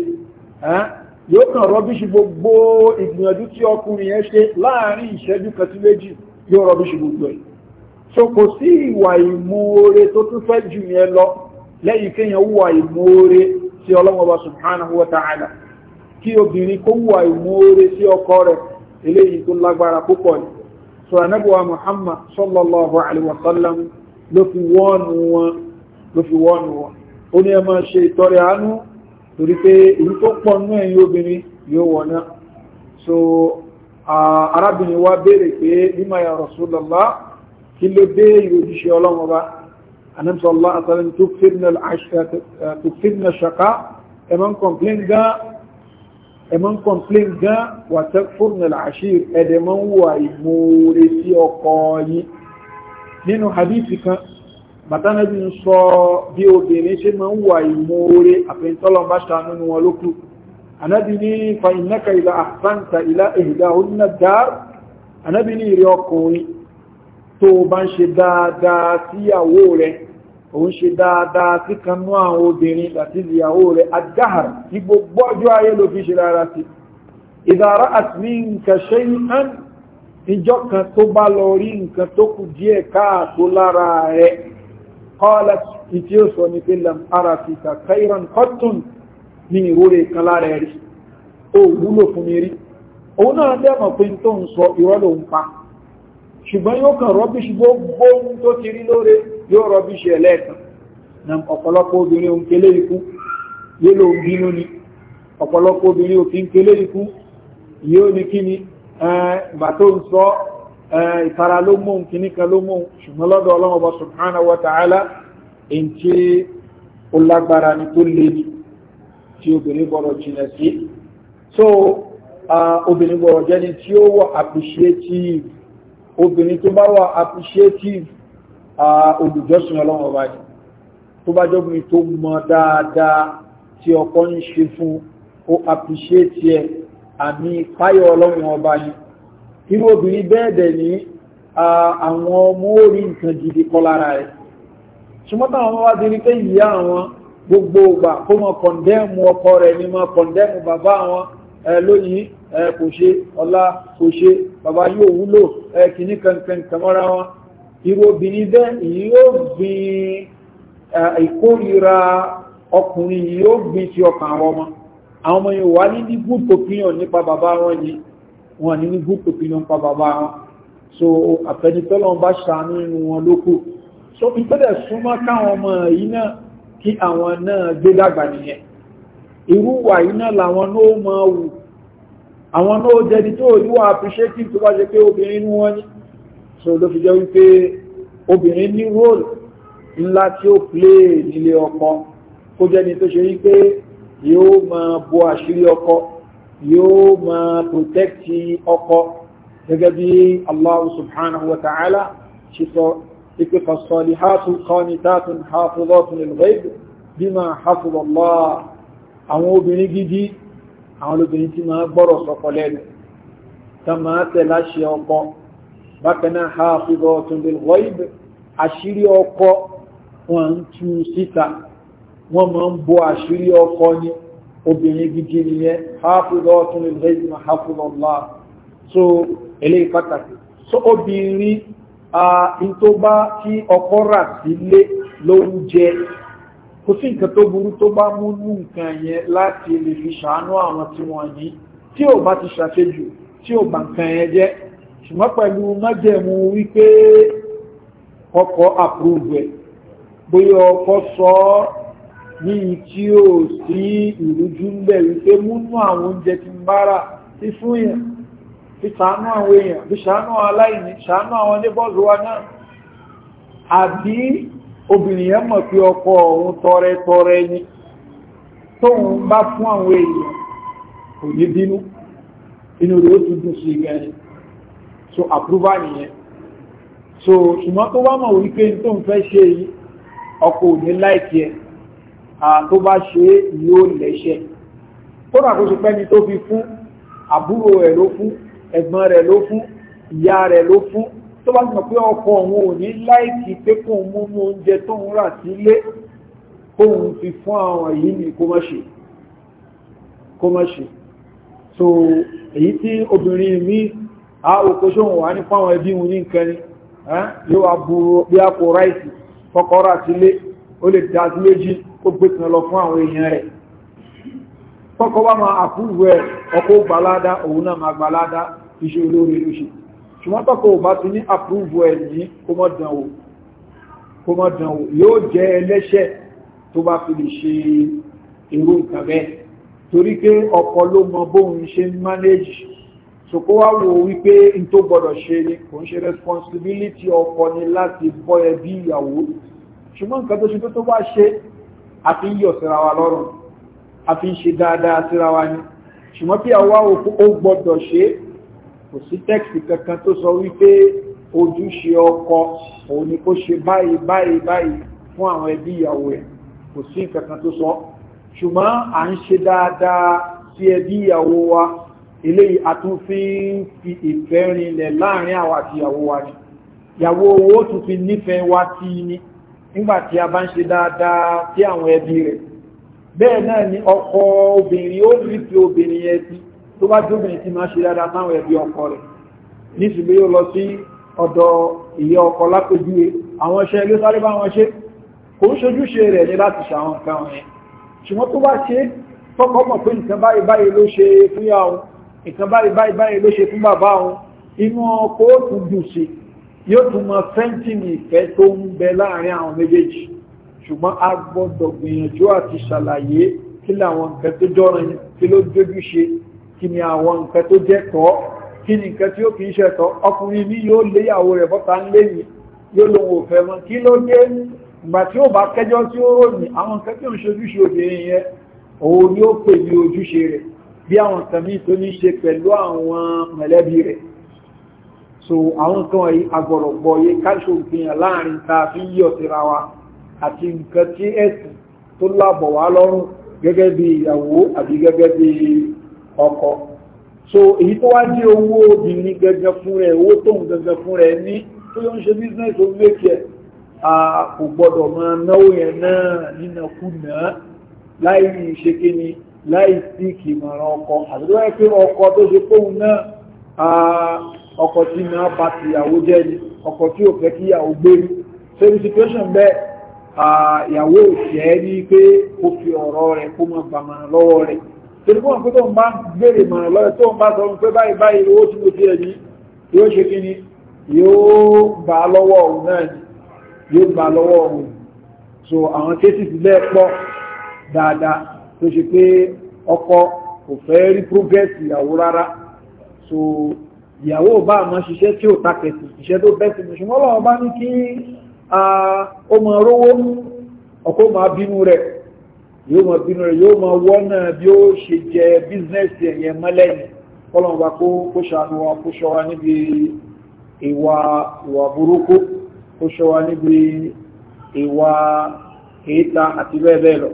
A: yóò kàn rọ́bíṣì gbogbo ìgbìyànjú tí ọkùnrin yẹn ṣe láàrin ìṣẹ́jú kan sí méjì yóò rọ́bíṣì gbogbo ẹ̀ so kò sí ìwà ìmoore tó tún fẹ́ jù yẹn lọ lẹ́yìn kéèyàn wà ìmoore sí ọlọ́wọ́ subhanahu wa ta'ala kí obìnrin kó wà ìmoore sí ọkọ rẹ̀ eléyìí tó lágbára púpọ̀ ni so anábọ̀wá muhammad sallallahu alaihi wasallam ló fi wọ́ọ̀nù wọn ló fi wọ́ọ̀nù wọn ó ní ẹ máa ṣe ìtọrẹ àánú torí pé èyí tó pọ̀ nú ẹ̀yìn obìnrin yóò wọ̀ náà so arábìnrin wa béèrè pé bímọ ya rasulallah kí ló dé ìròjíṣẹ́ ọlọ́run ọba anamsa allah asalin ẹ̀mọ́ ń kọ̀mplín gan wàtẹ́ fúrnàlá àṣír ẹ̀dẹ̀mọ́ ń wà ìmòore sí ọkọ̀ yìí nínú hadithi kan bàtánàbí ń sọ bí obìnrin ṣe mọ́ ń wà ìmòore àfihàntọ́lọ́mbá ṣàánú wọn lókù anábi ní fa ìnáka ìlà àfáǹta ìlà èdè ònà dáàr anábi ní ìrẹ ọkùnrin òun ṣe dáadáa sí kanú àwọn obìnrin àti ìyàwó rẹ̀ adáhàr ní gbogbo ọjọ́ ayé ló fi ṣe rárá sí ìdára àtìmí nǹkan ṣe ń ìjọ kan tó bá lọ rí nǹkan tó kù díẹ̀ káàtó lára rẹ̀ kọ́lá ìtí ó sọ ní pé lam ara fi kàkà ìran kọ́tùn ní ìrórè kan lára rí ó wúlò fún mi rí òun náà dẹ́mọ̀ pé tó ń sọ ìrọ́lò ń pa ṣùgbọ́n yóò kàn rọ́bí ṣùgbọ́n gbóhun tó ti rí lóore yóò rọbí ṣe ẹlẹ́ẹ̀kan na ọ̀pọ̀lọpọ̀ obìnrin òun kélé ikú yélò bínú ni ọ̀pọ̀lọpọ̀ obìnrin òfin kélé ikú yóò ní kí ni ìgbà tó ń sọ ìtara ló mú kìíní kan ló mú ṣùgbọ́n lọ́dọ̀ ọlọ́run ọba subhanahu wa ta'ala èyí tí olùjọ́sìn ọlọ́run ọba yìí tó bá jọ́ mi tó mọ dáadáa tí ọkọ ń ṣe fún ó appreciate ẹ àmì páyọ̀ ọlọ́run ọba yìí irú obìnrin bẹ́ẹ̀ dẹ̀ ní àwọn ọmọ orí nǹkan gidi kọ́ lára rẹ̀ ṣùgbọ́n táwọn ọmọ wa ti pé ìyá àwọn gbogbo ògbà kó mọ kọ̀ndẹ́mù ọkọ rẹ̀ ni mọ kọ̀ndẹ́mù bàbá àwọn lónìí kò ṣe ọlá kò ṣe bàbá yóò wúlò kìíní kankan kàmọ́ra wọn irú obìnrin bẹ́ẹ̀ yóò gbin ìkórira ọkùnrin yóò gbin sí ọkàn àwọn ọmọ àwọn ọmọ yóò wá ní ní good opinion nípa bàbá wọn ni wọn ní ní good opinion nípa bàbá wọn so àfẹnitọ́lọ́ bá ṣàánú inú wọn lókù so ìtọ́lẹ̀ súnmọ́ káwọn ọmọ yìí náà kí àwọn náà gbé dàgbà nìyẹn irú wà yìí náà làwọn náà mọ̀ wù àwọn náà jẹ́ni tó yíwà appreciative tó bá jẹ́ pé obìnrin wọn ni so ló fi jẹ́ wípé obìnrin ní role ńlá tí ó plé nílé ọkọ kó jẹ́ni tó ṣe wípé yóò máa bo àṣírí ọkọ yóò máa protect ọkọ gẹ́gẹ́ bí Allah subhanahu wa ta'ala ṣe sọ ipe fasọ́lì hátún kọ́nítàtún hafizatun al-ghaib bima hafiza Allah àwọn obìnrin gidi àwọn obìnrin tí máa gbọ́rọ̀ sọ́kọ lẹ́nu tá máa tẹ̀láṣẹ ọkọ bákan náà hafizatun bil ghaib àṣírí ọkọ wọn ń tú síta wọ́n máa ń bo àṣírí ọkọ ní obìnrin gidi nìyẹn hafizatun lil ghaib ma hafizallah so eléyìí pàtàkì so obìnrin in tó bá tí ọkọ rà sílé lóúnjẹ kò sí nǹkan tó burú tó bá mú nú nǹkan yẹn láti lè fi ṣàánú àwọn tí wọ́n ní tí ò bá ti ṣàṣejù tí ò bá nǹkan yẹn jẹ́ ṣùgbọ́n pẹ̀lú májẹ̀mú wípé ọkọ̀ approve ẹ̀ bóyá ọkọ̀ sọ ọ́ ní tí ó sí ìrújú ń bẹ̀ wípé múnú àwọn oúnjẹ ti ń bára sí fún èèyàn fi sàánú àwọn èèyàn fi sàánú aláìní sàánú àwọn oníbọ́ọ̀lù wa náà àbí obìnrin yẹn mọ̀ pé ọkọ̀ òun tọrẹ ni tóun bá fún àwọn èèyàn kò ní bínú inú rẹ̀ ó tún dùn sí ìgbà yẹn so approval nìyẹn so ṣùgbọ́n tó bá mọ̀ wípé tó ń fẹ́ ṣe yìí ọkọ̀ òní láìkí ẹ̀ tó bá ṣe yóò lẹ́ṣẹ̀ tó dà kó ṣe pẹ́ni tó fi fún àbúrò rẹ̀ ló fún ẹ̀gbọ́n rẹ̀ ló fún ìyá rẹ̀ ló fún tó bá mọ̀ pé ọkọ̀ òun òní láìkí pé kó ń mú mú oúnjẹ tó ń rà sílé kóun fi fún àwọn yìí ni kó má ṣe kó má ṣe so èyí tí obìnrin mi a òkú ṣóhùn wà ní fáwọn ẹbí wọn ní nǹkan ni yóò wá bu bí àpò ráìsì kọ́kọ́rọ́ àtìlé ó lè dá sí méjì ó gbé kan lọ fún àwọn èèyàn rẹ̀ kọ́kọ́ wá máa àkúrú ẹ̀ ọkọ̀ gbalada òun náà máa gbalada iṣẹ́ olóore ló ṣe ṣùgbọ́n tọ́kọ̀ ò bá ti ní àkúrú ẹ̀ ní kó mọ́ dán o yóò jẹ́ ẹlẹ́ṣẹ̀ tó bá fi lè ṣe èrò nǹkan torí pé ọkọ̀ ló mọ bóun ṣe ń mánéjì so kó wá wo wípé n tó gbọdọ̀ ṣe ni kò ń ṣe responsibility ọkọ ni láti bọ́ ẹbí ìyàwó ṣùgbọ́n nǹkan tó ṣe tó tó bá ṣe àfi ń yọ̀ síra wa lọ́rùn àfi ń ṣe dáadáa síra wa ni ṣùgbọ́n bí àwa ó gbọdọ̀ ṣe kò sí tẹ́kìtì kankan tó sọ wípé ojúṣe ọkọ òun ni kó ṣe báyìí báyìí báyìí fún àwọn ẹbí ìyàwó ẹ̀ kò sí nǹkan kan tó sọ ṣùgbọ́n à ń ṣe dáadáa sí ẹbí ìyàwó wa eléyìí a tún fi ń ìfẹ́ rinlẹ̀ láàrin àwọn àti ìyàwó wa ni ìyàwó owó tún fi nífẹ̀ẹ́ wa tí ní nígbàtí a bá ń ṣe dáadáa sí àwọn ẹbí rẹ̀ bẹ́ẹ̀ náà ni ọkọ obìnrin ó rí fi obìnrin yẹn sí tó bá tí obìnrin ti máa ṣe dáadáa sáwọn ẹbí ọkọ rẹ̀ nísìlé yóò lọ sí ọ̀dọ̀ ìyá ọkọ lápèjúwe àwọn iṣẹ́ ilé sáré bá wọn ṣe kò ń ṣojúṣe rẹ̀ ní láti ṣàwọn nǹkan wọn yẹn ṣùgbọ́n tó bá ṣe tọkọ mọ̀ pé nǹkan báyìí báyìí ló ṣe fúnyàwó nǹkan báyìí báyìí báyìí ló ṣe fún bàbá òun inú ọkọ̀ ó tún dùn sí yóò tún mọ fẹ́ntìmì ìfẹ́ tó ń bẹ láàrin àwọn méjèèjì ṣùgbọ́n a gbọ́dọ̀ gbìyànjú àti ṣàlàyé kí làwọn nǹkan tó jọ́ran kí ló dójú ṣe kí ni àwọn nǹkan tó jẹ́ tọ́ kí ni nǹkan tí ó kìí ṣe tọ́ ọkùnrin ní yóò léyàwó rẹ̀ bọ́ta ń léyìn yóò lòun ò fẹ́ mọ́ kí ló dé ìgbà tí ó bá kẹjọ tí ó ròyìn àwọn nǹkan tí ó ń ṣojúṣe obìnrin yẹn òun ni ó pè ní ojúṣe rẹ̀ bí àwọn nǹkan míì tó ní ṣe pẹ̀lú àwọn mẹ̀lẹ́bí rẹ̀ so àwọn nǹkan wọ̀nyí agbọ̀rọ̀gbọ̀ yé káṣọ òfihàn láàrin ta fi yí ọ̀tìra wa àti nǹkan tí ẹ̀sìn tó lábọ̀ wá lọ́rùn gẹ́gẹ́ bí ìyàwó àbí gẹ́gẹ́ bí ọkọ so èyí tó wá ní owó obìnrin gẹ́gẹ́ fún rẹ̀ owó tóun gẹ́gẹ́ fún rẹ̀ ní tó yóò ń ṣe bísínẹ́sì ó ẹ̀ a kò gbọ́dọ̀ máa náwó yẹn náà nínàkúnà láì ṣe kí láì sí kì mọ̀ràn ọkọ àdúrà pé ọkọ tó ṣe kóhun náà ọkọ tí máa bá ti ìyàwó jẹ́ ni ọkọ tí ò fẹ́ kí ìyàwó gbé ní sẹ́rí situation bẹ́ẹ̀ ìyàwó òṣìṣẹ́ ní pé kó fi ọ̀rọ̀ rẹ̀ kó mọ̀ bà mọ̀ lọ́wọ́ rẹ̀ torí ni yóò bà lọ́wọ́ òun náà ni yóò so àwọn kéṣìṣì bẹ́ẹ̀ pọ̀ tó ṣe pé ọkọ kò fẹ́ rí progress ìyàwó rárá so ìyàwó bá àmọ́ ṣiṣẹ́ tí ò takẹ̀sì iṣẹ́ tó bẹ́sì mú ṣùgbọ́n lọ́wọ́ bá ní kí ó mọ rówó ọkọ̀ máa bínú rẹ̀ yóò mọ bínú rẹ̀ yóò mọ wọ́nà bí ó ṣe jẹ bíznẹ́sì ẹ̀yẹn mọ́lẹ́yìn kọ́lọ̀wà kó ṣàánú wa kó ṣọ́wà níbi ìwà ìwà burúkú kó ṣọ́wà níbi ìwà kéta àti bẹ́ẹ̀ bẹ́ẹ̀ lọ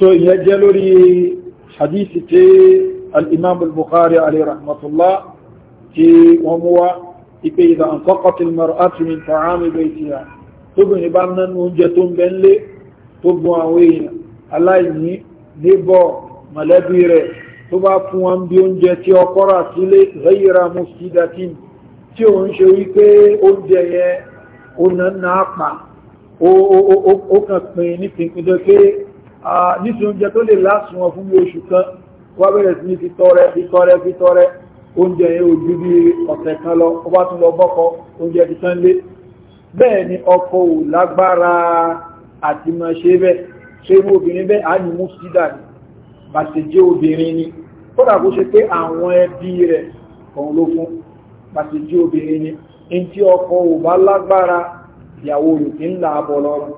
A: so ìyẹn jẹ́ lórí hadithi tí al'imam al-bukhari alayhi rahmatullah tí wọ́n mú wá ipe ìdá an kọ́kọ́tìl mar'atu min ta'ami baytiha tó bí ní bá nánú oúnjẹ tó ń bẹ́ńlé tó gbọ́n àwọn aláìní níbọ̀ mọ̀lẹ́bí rẹ̀ tó bá fún wọn bí oúnjẹ tí ọkọ́ rà sílé ghayra mufsidatin tí òun ṣe wípé oúnjẹ yẹn ó nà pa ó kàn pin ní tó pé nítorí oúnjẹ tó lè lásùn wọn fún bí oṣù kan wá bẹ̀rẹ̀ sí ní fi tọrẹ fi tọrẹ fi tọrẹ oúnjẹ yẹn ò ju bí ọ̀sẹ̀ kan lọ ó bá tún lọ bọ́kọ oúnjẹ ti tán lé bẹ́ẹ̀ ni ọkọ ò lágbára àti máa ṣe bẹ́ẹ̀ ṣe irú obìnrin bẹ́ẹ̀ á ní mufsida ni bàtẹ̀ jẹ́ obìnrin ni kódà kó ṣe pé àwọn ẹbí rẹ̀ ọ̀hún ló fún bàtẹ̀ jẹ́ obìnrin ni in tí ọkọ ò bá lágbára ìyàwó rẹ̀ kí ń là á bọ̀ lọ́rùn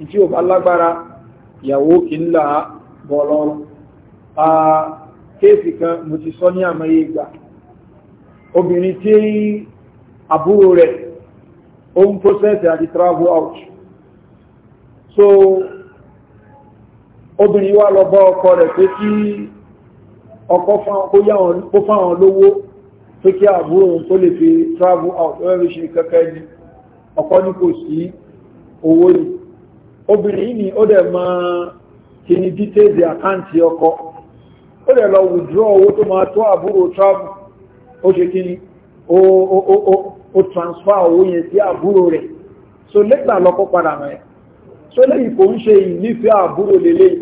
A: in tí ò bá lágbára ìyàwó kì ń là bọ̀ lọ́rùn kéèsì kan mo ti sọ ní àmọ́ ìgbà obìnrin tí àbúrò rẹ̀ ó ń process àti travel out so obìnrin wá lọ bọ́ ọkọ rẹ̀ pé kí ọkọ fáwọn lówó pé kí àbúrò òun tó lè fi travel out ẹ̀rẹ́ ṣe kẹ́kẹ́ ní ọkọ ní kò sí owó yìí obìnrin yìí ni ó dẹ̀ mọ kíni dítẹ́ẹ̀dì àkáǹtì ọkọ ó dẹ̀ lọ wùdúrọ̀ owó tó máa tó àbúrò travel ó ṣe kíni ó transfer owó yẹn sí àbúrò rẹ̀ so lẹ́gbà lọ́kọ́ padà rẹ̀ so lẹ́yìn kò ń ṣe ìnífẹ́ àbúrò lélẹ̀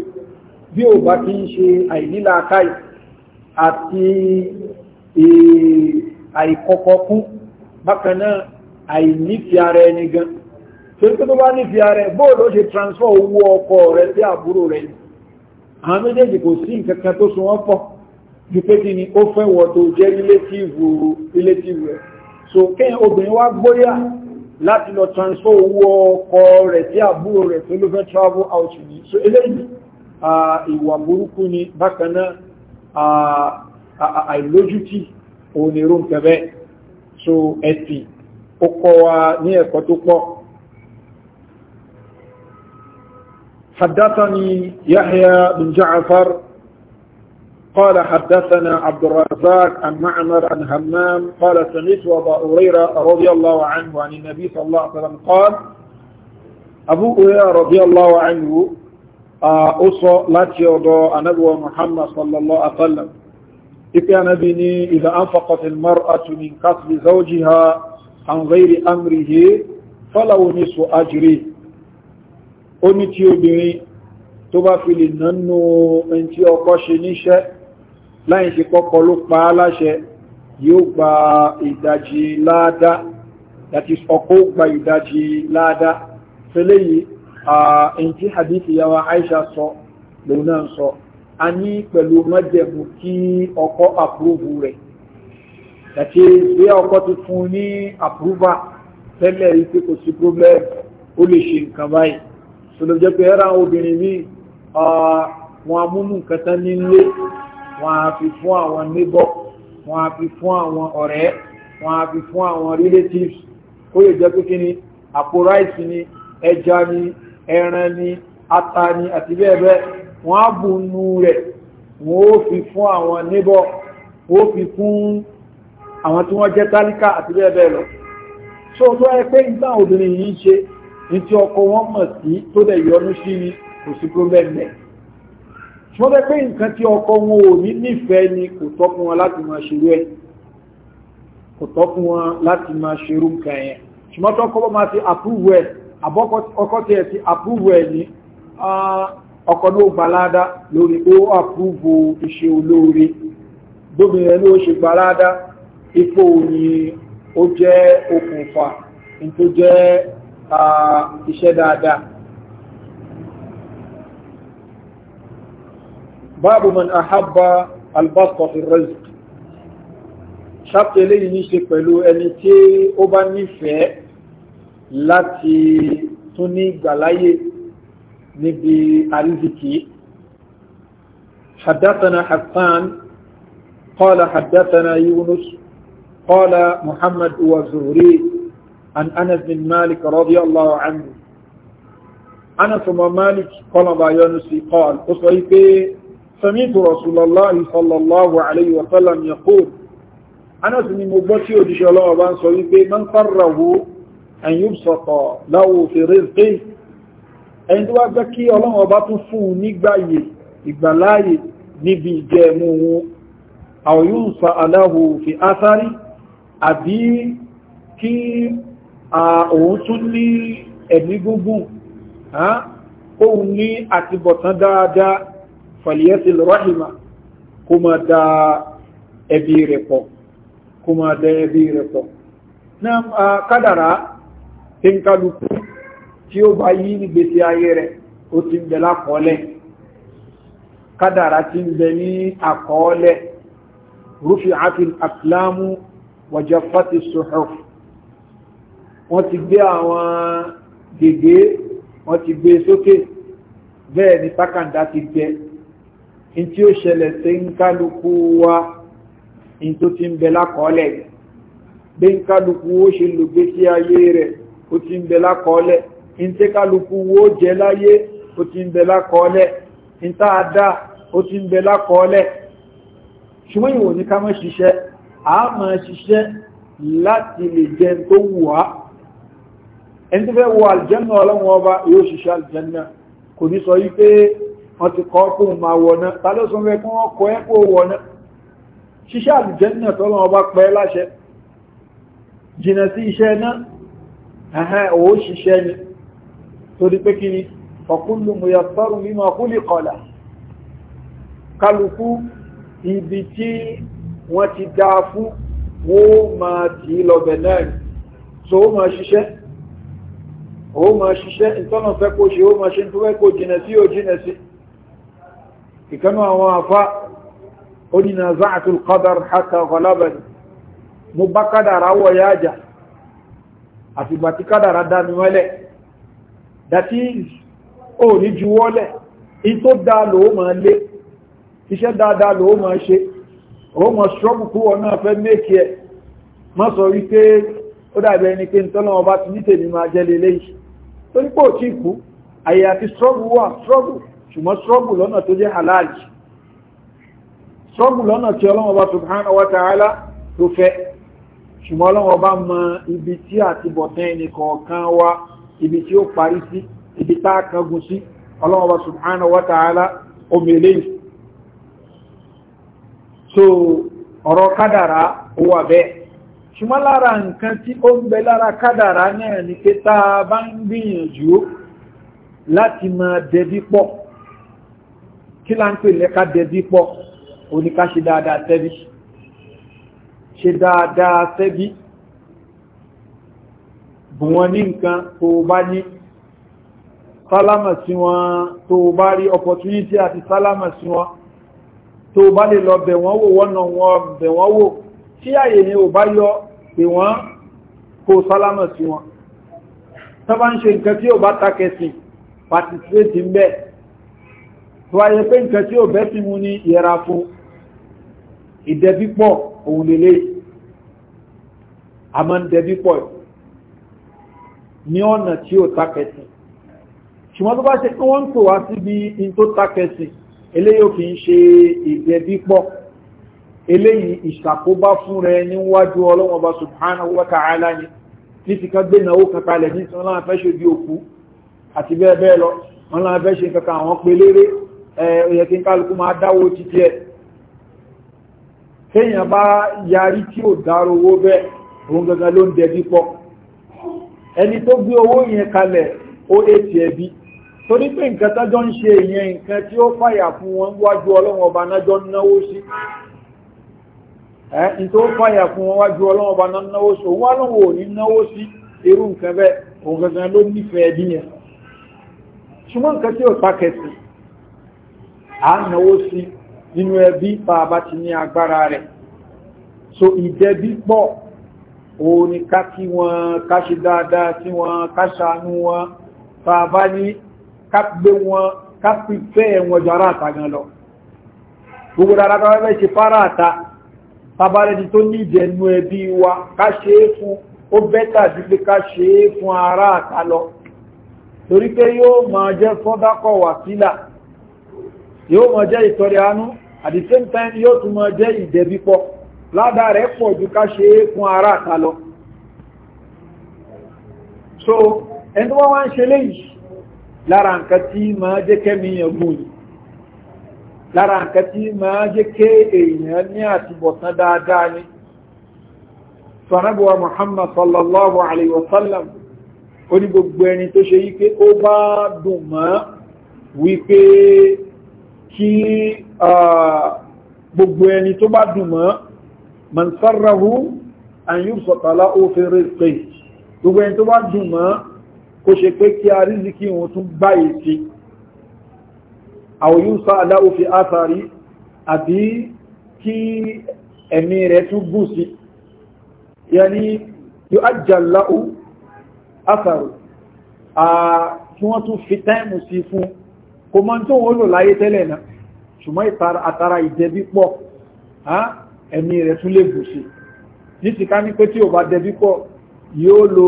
A: bí ò bá kí ń ṣe àìnílàákàì àti e, àìkọkọkún bákanáà àìnífẹ́ ara ẹni gan torí pé tó bá ní fi ààrẹ bóòlù ó ṣe transfer owó ọkọ rẹ̀ sí àbúrò rẹ̀ ni àwọn méjèèjì kò sí nǹkan tó so wọ́n pọ̀ ju pé kí ni ó fẹ́ wọ̀ tó jẹ́ relétíìvù relétíìvù rẹ̀ so kéèyàn obìnrin wá gbóyà láti lọ transfer owó ọkọ rẹ̀ sí àbúrò rẹ̀ tó ló fẹ́ travel out ni so eléyìí ìwà burúkú ni bákan náà àìlójútì òun ni irú bẹ́ẹ̀ so ẹ̀sìn ó kọ́ wa ní ẹ̀kọ́ tó pọ̀ حدثني يحيى بن جعفر قال حدثنا عبد الرزاق عن معمر عن همام قال سمعت أبا هريرة رضي الله عنه عن النبي صلى الله عليه وسلم قال أبو هريرة رضي الله عنه آه، أوصى لا عن أبو محمد صلى الله عليه وسلم إذا نبني إذا أنفقت المرأة من قتل زوجها عن غير أمره فلو نصف أجره ó ní tí obìnrin tó bá fi lè nánú ẹni tí ọkọ ṣe níṣẹ́ láì ṣe kọ́kọ́ ló pa á láṣẹ yóò gba ìdajì láàdá that is ọkọ gba ìdajì láàdá fẹ́lẹ́ yìí ẹni tí hadithi yawa aisha sọ lòun náà sọ a ní pẹ̀lú mọ́jẹ̀mú kí ọkọ àpúrúvù rẹ̀ that is bí ọkọ ti fún ní àpúrúvà tẹ́lẹ̀ yìí pé kò sí problem ó lè ṣe nǹkan báyìí tó ló jẹ́ pé ẹ́ra obìnrin ní wọn amúnú kẹta nílé wọn a fi fún àwọn níbọ̀ wọn a fi fún àwọn ọ̀rẹ́ wọn a fi fún àwọn relatives ó lè jẹ́ pé kí ni àpò ráìsì ni ẹja ni ẹran ni ata ni àti bẹ́ẹ̀ bẹ́ẹ̀ wọ́n á bù nú rẹ̀ ó fi fún àwọn níbọ̀ ó fi fún àwọn tí wọ́n jẹ́ tálíkà àti bẹ́ẹ̀ bẹ́ẹ̀ lọ so tó ẹ pé ìgbà obìnrin yìí ṣe ní tí ọkọ̀ wọn mọ̀ sí tó dẹ̀ yọnú sí ni kò sí pọ́bẹ́mẹ̀ ṣùgbọ́n bẹ́ pé nǹkan tí ọkọ̀ wọn ò ní nífẹ̀ẹ́ ni kò tọ́ fún wọn láti máa ṣerú ẹ̀ kò tọ́ fún wọn láti máa ṣerú nǹkan yẹn ṣùgbọ́n tó ọkọ̀ máa ti àpúwò ẹ̀ àbọ́kọ̀ tiẹ̀ ti àpúwò ẹ̀ ni ọkọ̀ ní ó gbalada lórí ó àpúwò iṣẹ́ olóore gbóbìnrin ló ṣe gbalada ipò ni ó jẹ́ okùnfà ní tó jẹ́ iṣẹ́ dáadáa báàbù man àhábà albasọ̀ ìrẹ́zùk ṣáptẹ̀ lẹ́yìn ní ṣe pẹ̀lú ẹni tí ó bá nífẹ̀ẹ́ láti tún ní gbàláyé níbi àrízìkì حدثنا حسان قال حدثنا يونس قال محمد وزهري عن أنس بن مالك رضي الله عنه أنس بن مالك قال بيانسي قال أصيب سمعت رسول الله صلى الله عليه وسلم يقول أنس بن مبتي ودش الله بان صيب من قره أن يبسط له في رزقه أن تبكي الله وبطفو نقبعي إقبالاي níbi ìjẹmú wọn àwọn yóò sa aláhù fi ásárí àbí kí òun tún ní ẹ̀mí gúngùn òun ní àtibọ̀tán dáadáa fàlíyẹ́sì lọ́rọ̀hìmá kó ma da ẹbí rẹ̀ pọ̀ kó ma da ẹbí rẹ̀ pọ̀ náà kádàrá tí ń kálukú tí ó bá yí ní gbèsè ayé rẹ̀ ó ti ń bẹ lákọọ́lẹ̀ kádàrá ti ń bẹ ní àkọọ́lẹ̀ rúfin àti àtìlámù wàjá fàtí sọ̀hẹ́fù wọ́n ti gbé àwọn gègé wọ́n ti gbé sókè bẹ́ẹ̀ ni pákàndá ti gbẹ in tí ó ṣẹlẹ̀ sí ń kálukú wa in tó ti ń bẹ lákọọ́lẹ̀ bí ń kálukú ó ṣe lògbé sí ayé rẹ̀ ó ti ń bẹ lákọọ́lẹ̀ in tí kálukú ó jẹ láyé ó ti ń bẹ lákọọ́lẹ̀ in tá a dá ó ti ń bẹ lákọọ́lẹ̀ ṣùgbọ́n ìwò ní ká mọ́ ṣiṣẹ́ a máa ṣiṣẹ́ láti lè jẹun tó wù wá ẹni tó fẹ́ wọ aljanna ọlọ́run ọba yóò ṣiṣẹ́ aljanna kò ní sọ yí pé wọ́n ti kọ́ kó máa wọ̀ná ta ló sọ fẹ́ kí wọ́n kọ́ ẹ́ kó wọ̀ná ṣiṣẹ́ aljanna tọ́lọ́run ọba pẹ́ láṣẹ jìnà sí iṣẹ́ náà ẹ̀hẹ́ òó ṣiṣẹ́ ni torí pé kí ni ọkùnlù mùyàtọ́rù ó máa ṣiṣẹ́ ìtọ́nà fẹ́ kó ṣe ó máa ṣe tó fẹ́ kó jìnà sí ó jìnà sí ìkanú àwọn afá ó ní na za'atul qadar haka ghalabani mo bá kádàrá wọ ya jà àfìgbà tí kádàrá dá mi mọ́lẹ̀ that is ó ní juwọ́lẹ̀ in tó dá lò ó máa lé iṣẹ́ dáadáa lò ó máa ṣe ó máa ṣọ́bù ọ̀nà fẹ́ mékì ẹ̀ má sọ wípé ó dàbí ẹni pé ntọ́lọ́wọ́ bá ti ní tèmi máa jẹ́ lélẹ́yìí torí pé ò tí kú àyè àti struggle wà struggle ṣùgbọ́n struggle lọ́nà tó jẹ́ aláàjì struggle lọ́nà tí ọlọ́wọ́ bá subhanahu wa ta'ala tó fẹ́ ṣùgbọ́n ọlọ́wọ́ bá mọ ibi tí àti bọ̀tán ẹnì kọ̀ọ̀kan wá ibi tí ó parí sí ibi tá a kangun sí ọlọ́wọ́ bá subhanahu wa ta'ala omi eléyìí so ọ̀rọ̀ kádàrá ó wà bẹ́ẹ̀ ṣùgbọ́n lára nǹkan tí ó ń bẹ lára kádàrá náà ni pé tá a bá ń gbìyànjú láti máa dẹbí pọ̀ kí là ń pè lẹ́ka dẹbí pọ̀ oníká ṣe dáadáa sẹ́bí ṣe dáadáa sẹ́bí bù wọn ní nǹkan tó bá ní sálámà sí wọn tó bá rí opportunity àti sálámà sí wọn tó bá lè lọ bẹ̀ wò wọ́n náà wọ́n bẹ̀ wò tí àyè ni ò bá yọ pè wọ́n kó sálámà sí wọn tọ́bá ń ṣe nǹkan tí ó bá takẹsìn pàtìsírétì ń bẹ́ tó wáyé pé nǹkan tí ó bẹ́ sí mú ní yẹra fún ìdẹ́bí pọ̀ òun lélẹ̀ àmọ́ ń dẹ́bí ní ọ̀nà tí ó takẹsìn ṣùgbọ́n tó bá ṣe pé wọ́n ń pè wá síbi in tó takẹsìn eléyìí ò kì í ṣe ìdẹ́bí eléyìí ìṣàkóbá fún rẹ níwájú ọlọ́wọ́n bá subhanahu wa ta'ala ni ní ti ká gbé náwó kankan alẹ̀ ní sọ́nà láàfẹ́ ṣe bí òkú àti bẹ́ẹ̀ bẹ́ẹ̀ lọ wọ́n láàfẹ́ ṣe kankan àwọn pelére ẹ̀yẹ kí n kálukú máa dáwó títí ẹ̀ kéèyàn bá ìtò fàyà fún wọn wájú ọlọ́wọ́ bá ná náwó sí òun wá lóhun ò ní náwó sí irú nǹkan bẹ́ẹ̀ òun gangan ló nífẹ̀ẹ́ ẹbí yẹn ṣùgbọ́n nǹkan tí ó pàkẹ́sì à ń náwó sí nínú ẹbí tá ti ní agbára rẹ̀ so ìdẹ́bí pọ̀ òun ni ká kí wọn ká ṣe dáadáa sí wọn ká ṣàánú wọn tá ní ká wọn ká fi wọn jọ aráàta gan lọ gbogbo dáadáa bá fẹ́ ṣe fárá tabarẹni tó ní ìjẹnu ẹbí wa ká ṣe é fún ó bẹ́tà dípé ká ṣe é fún ará àta lọ torí pé yóò máa jẹ́ sọ́dákọ̀ wà sílà yóò máa jẹ́ ìtọ́rẹ àánú at the same time yóò tún máa jẹ́ ìdẹ̀bípọ̀ ládà rẹ̀ pọ̀ ju ká ṣe é fún ará àta lọ so ẹni wọ́n wá ń ṣe léyìí lára nǹkan tí máa jẹ́ kẹ́mi ẹ̀gbọ́n yìí lára nǹkan tí máa jẹ́ ké èèyàn ní àtibọ̀tán dáadáa ni sọ̀rọ̀bùwa muhammad sallallahu alaihi wasallam ó ní gbogbo ẹni tó ṣe yí pé ó bá dùn mọ́ wípé kí gbogbo ẹni tó bá dùn mọ́ mọ̀nsáràhù àyùsọ̀tàlá ó àwọn yóò sá aláwò fi áfàrí àbí kí ẹ̀mí rẹ̀ tún gùn sí yẹni yóò ajàláwò áfàrí kí wọ́n tún fi táìmù sí fún kò mọ́ tó wọ́n lò láyé tẹ́lẹ̀ náà ṣùgbọ́n àtàrà ìjẹbí pọ̀ ẹ̀mí rẹ̀ tún lè gùn sí ní ti ká ní pé tí ò bá dẹbí pọ̀ yóò lo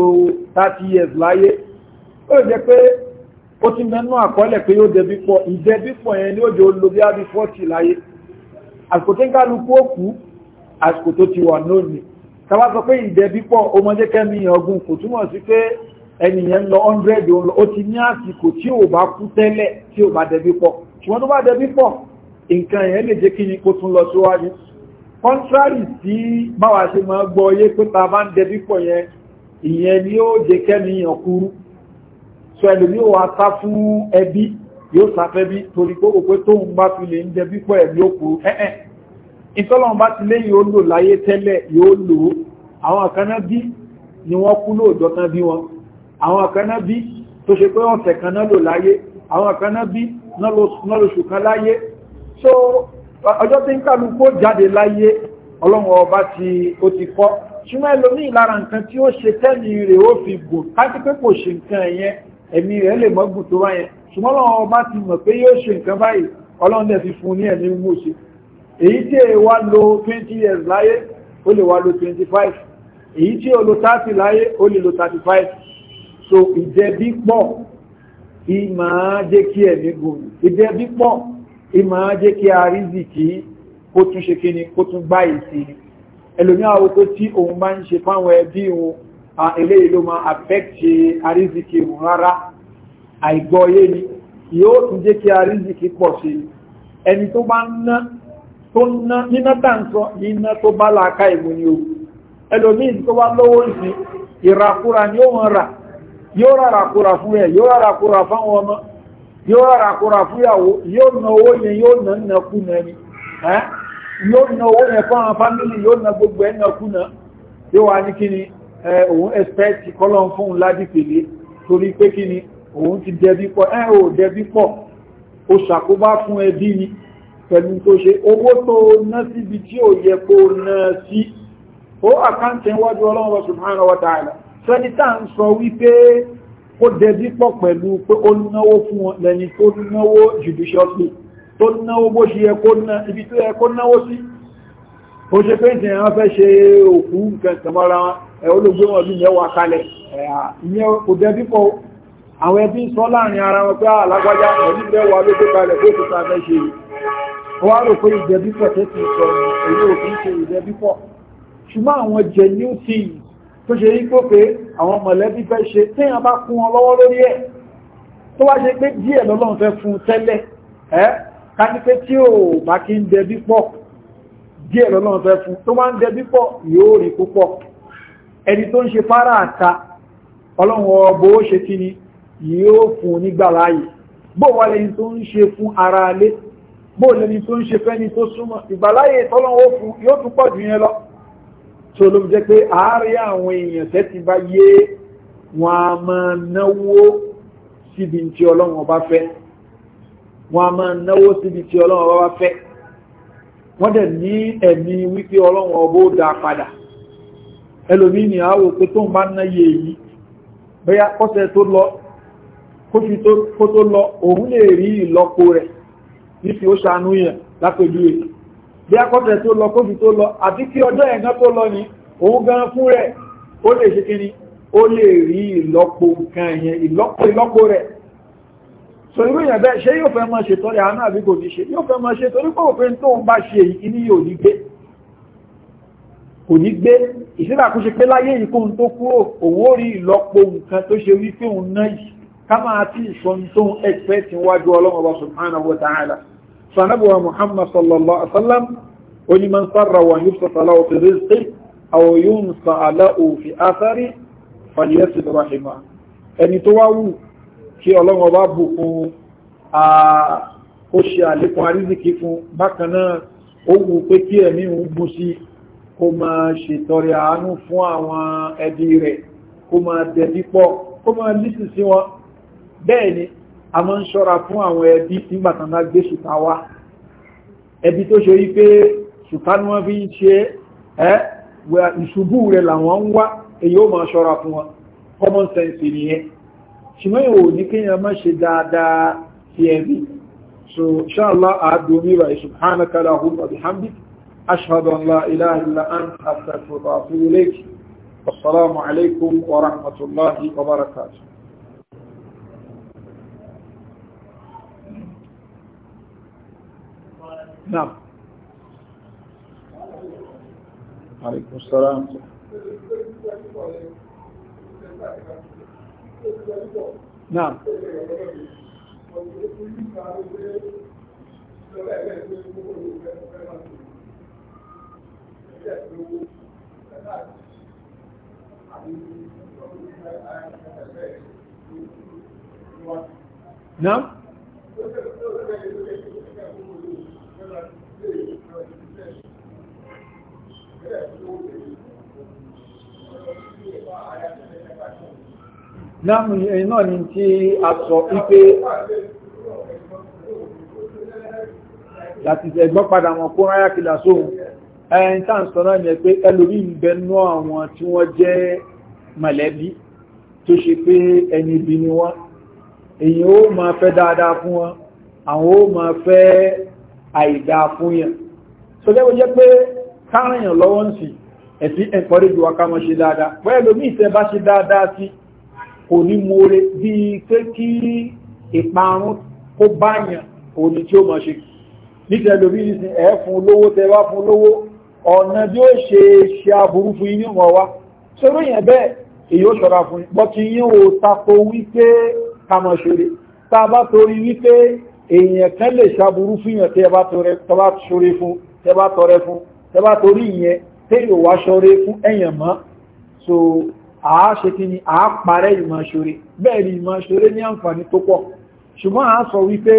A: 30 years láyé ó jẹ́ pé ó ti mẹ́nu àkọọ́lẹ̀ pé yóò dẹbí pọ̀ ìdẹbí pọ̀ yẹn ni ó jẹ́ olóbi ábí fọ́ọ̀tì láyé àsìkò tí ń kálukú ó kú àsìkò tó ti wà lónìí tàbá sọ pé ìdẹbí pọ̀ ọmọdé kẹ́mi ọgbùn kò túmọ̀ sí pé ẹnìyẹn ń lọ 100 òun lọ ó ti ní àsìkò tí ò bá kú tẹ́lẹ̀ tí ò bá dẹbí pọ̀ ṣùgbọ́n tó bá dẹbí pọ̀ nǹkan yẹn lè jẹ́ kí ni kó tún lọ síwájú contrary sí báwa ṣe máa gbọ́ yé pé ta bá ń dẹbí pọ̀ yẹn ìyẹn ni ó jẹ́ kẹ́mi ọkùnrin sọ ẹlòmí ò wá sá fún ẹbí yóò sáfẹ́ bí torí pé òpé tóun bá fi lè ń jẹ bípọ̀ ẹ̀mí òkú ẹ̀ẹ́ ìtọ́lọ́run bá ti léyìn ó lò láyé tẹ́lẹ̀ yóò lò àwọn àkànná bí ni wọ́n kú lóòjọ́ tán bí wọn àwọn àkànná bí tó ṣe pé ọ̀sẹ̀ kan náà lò láyé àwọn àkànná bí náà kan láyé so ọjọ́ tí ń kálukó jáde láyé ọlọ́run ọba ti ó ti kọ́ ṣùgbọ́n ẹlòmíì lára nǹkan tí ó ṣe tẹ́lì rẹ̀ ó fi gùn kájí pé kò ṣe nǹkan ẹ̀yẹn ẹ̀mí rẹ̀ lè mọ́gùn tó wáyẹn ṣùgbọ́n lọ́wọ́ bá ti mọ̀ pé yóò ṣe nǹkan báyìí ọlọ́run dẹ̀ fi fún ní ẹ̀mí mú ṣe èyí tí è wá lo 20 years láyé ó lè wá lo 25 èyí tí ó lo 30 láyé ó lè lo 35 so ìjẹ̀bi pọ̀ ìmọ̀ á jẹ́ kí ẹ̀mí gùn ìjẹ̀bi pọ̀ ìmọ̀ á jẹ́ kí àrízì kí kó tún ṣe kíni kó tún gbá ìsìn ẹlòmíà oko tí òun bá ń ṣe fáwọn ẹbí òun eléyìí ló máa àfẹ́kì àríziki mú rárá àìgbọ́yé ni yóò tún jẹ́ kí àríziki pọ̀ sí ẹni tó bá ná tó ná níná tàǹsọ níná tó bá láàká ìmú ni o ẹlòmíì tó bá lówó ìsìn ìràkúra ni ó wọn rà yóò ráràkúra fún ẹ yóò ráràkúra fáwọn ọmọ yóò ráràkúra fúyàwó yóò ná owó yẹn yóò ná nàkúnà ni yóò na owó yẹn fámìlì yóò na gbogbo ẹ̀ yóò wá ní kíni òun ẹ̀spẹ́ẹ̀tì kọ́lọ̀ fún un ládìpèlé torí pé kí ni òun ti dẹbí pọ̀ ẹ́ ò dẹbí pọ̀ o ṣàkóbá fún ẹbí ni pẹ̀lú tó ṣe owó tó ná síbi tí ò yẹ kó ná sí ó àkáǹtì wájú ọlọ́run subhanahu wa ta'ala sẹ́nitá ń sọ wípé ó dẹbí pọ̀ pẹ̀lú pé ó náwó fún fẹ́ ṣe òkú nǹkan tàbára wọn ẹ olóògbé wọn bí yẹn wà kalẹ̀ ìyẹn kò dẹbí pọ̀ àwọn ẹbí sọ láàrin ara wọn pé alágbájá ẹbí mẹ́wàá ló gbé kalẹ̀ pé kò sáfẹ́ ṣe wọ́n á rò pé ìdẹbí pọ̀ tẹ́sí sọ èyí ò kí ń ṣe ìdẹbí pọ̀ ṣùgbọ́n àwọn jẹ ní ó ti tó ṣe rí pópé àwọn mọ̀lẹ́bí díẹ̀ lọ́lọ́run fẹ́ fún tó máa ń dẹbí pọ̀ yóò rí púpọ̀ ẹni tó ń ṣe fara àta ọlọ́run ọbọ̀ ó ṣe kí ni yóò fún onígbàláyè bó wà lẹ́ni tó ń ṣe fún ara alé bó lẹ́ni tó ń ṣe fẹ́ni tó súnmọ́ ìgbàláyè tọ́lọ́run ó fún yóò tún pọ̀ jù yẹn lọ tó ló jẹ́ pé àárín àwọn èèyàn ẹlòmí ni àwò pé tó ń bá ná yẹ èyí bẹ́yà kọ́sẹ̀ tó lọ kófí kó tó lọ òun lè rí ìlọ́po rẹ̀ ní fi ó ṣàánú yẹn lápẹ̀lú rẹ̀ bẹ́yà kọ́sẹ̀ tó lọ kófí tó lọ àti kí ọjọ́ ẹ̀gán tó lọ ni òun gan fún rẹ̀ ó lè ṣe kíni ó lè rí ìlọ́po nǹkan yẹn ìlọ́po ìlọ́po rẹ̀ so irú èèyàn bẹ́ẹ̀ ṣé yóò fẹ́ máa ṣètọ́rẹ̀ àánú àbí kò ní ṣe yóò fẹ́ máa ṣe torí pé òfin tó bá ṣe èyí ní yóò ní gbé kò ní gbé ìṣẹ́lá kó ṣe pé láyé ìkóhun tó kúrò owó rí ìlọ́po nǹkan tó ṣe wípé òun náà yìí ká máa tí ìṣọ́n tó ń ẹ̀pẹ́ tí wájú ọlọ́mọba subhanahu wa ta'ala sanabuwa muhammad sallallahu alaihi wasallam onímọ̀ sára wa yóò sọ̀tàlá òfin rizqi àwọn yóò ń sàálà ó ṣe àlékún aríziki fún bákan ó wù pé kí ẹ̀mí ń bú sí kó máa ṣètọrẹ àánú fún àwọn ẹbí rẹ̀ kó máa dẹ̀bí pọ̀ kó máa lísì sí wọn bẹ́ẹ̀ ni a máa ń ṣọ́ra fún àwọn ẹbí nígbàtàná gbé ṣùtá wá ẹbí tó ṣe wípé ṣùtá ni wọ́n fi ń ṣe ẹ́ ìṣubú rẹ̀ làwọn ń wá èyí ó máa ṣọ́ra fún wọn common sense nìyẹn ṣùgbọ́n ìwò ní kíyàn má ṣe dáadáa sí ẹbí so ṣáàlá àádọ́ mìíràn subhanaka lahum wa bihamdika أشهد أن لا إله إلا أنت أستغفرك وأتوب إليك والسلام عليكم ورحمة الله وبركاته نعم عليكم السلام نعم Thank you. Náà? Láàmù ẹ̀yìn náà ni tí a sọ ipé láti ẹgbọ́n padà wọn kó ráyá kìlà sóhun ẹ̀yìn tá ń sọ́nà yẹn pé ẹlòmí ń bẹnú àwọn tí wọ́n jẹ́ mọ̀lẹ́bí tó ṣe pé ẹni ibi ni wọ́n èyí ó ma fẹ́ dáadáa fún wọn àwọn ó ma fẹ́ àìdá fún yẹn so lẹ́wọ́ jẹ́ pé káàrìyàn lọ́wọ́ ń sì ẹ̀sí ẹ̀kọ́rẹ́jù wakamọ́ ṣe dáadáa pẹ́ ìtẹ́ bá ṣe dáadáa ọ̀nà bí ó ṣe ṣe aburú fún yín wọ́n wá sọ́rọ̀ yẹn bẹ́ẹ̀ èyí ó ṣọ́ra fún yín bọ́tí yín ò tako wípé kàmọ̀ ṣeré tá a bá torí wípé èèyàn kan lè ṣaburú fún yàn tẹ́ tọrẹ fún tẹ́ torí ìyẹn tẹ́ yóò wá ṣoré fún ẹ̀yàn mọ́ so a ṣe kí ni a parẹ́ ìmọ̀ ṣoré bẹ́ẹ̀ ni ìmọ̀ ṣoré ní àǹfààní tó pọ̀ ṣùgbọ́n a sọ wípé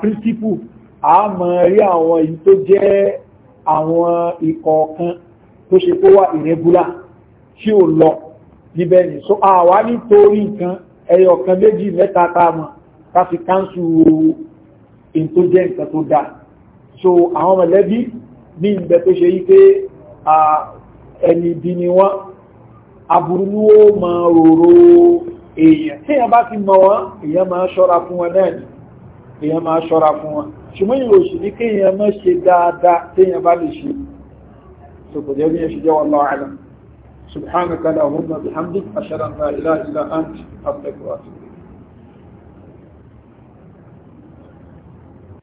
A: principle a mọ̀ rí àwọn èyí tó jẹ́ àwọn ìkọ̀ọ̀kan tó ṣe kó wà ìrẹ́gúlà tí ò lọ níbẹ̀ ni so àwa nítorí nǹkan ẹyọ kan méjì mẹ́ta tá a mọ̀ ká fi káńsù èyí tó jẹ́ nǹkan tó dáa so àwọn mọ̀lẹ́bí ní ìgbẹ́ tó ṣe yí pé ẹni bí ni wọ́n aburú ni ó mọ òróró èèyàn tí èèyàn bá ti mọ wọn èèyàn máa ṣọ́ra fún wọn náà ni èèyàn máa ṣọ́ra fún wọn ṣùgbọ́n ìwò òṣì ní kéèyàn mọ́ ṣe dáadáa téèyàn bá lè ṣe so kò jẹ́ bí yẹn ṣe jẹ́ wọn lọ́wọ́ àlọ́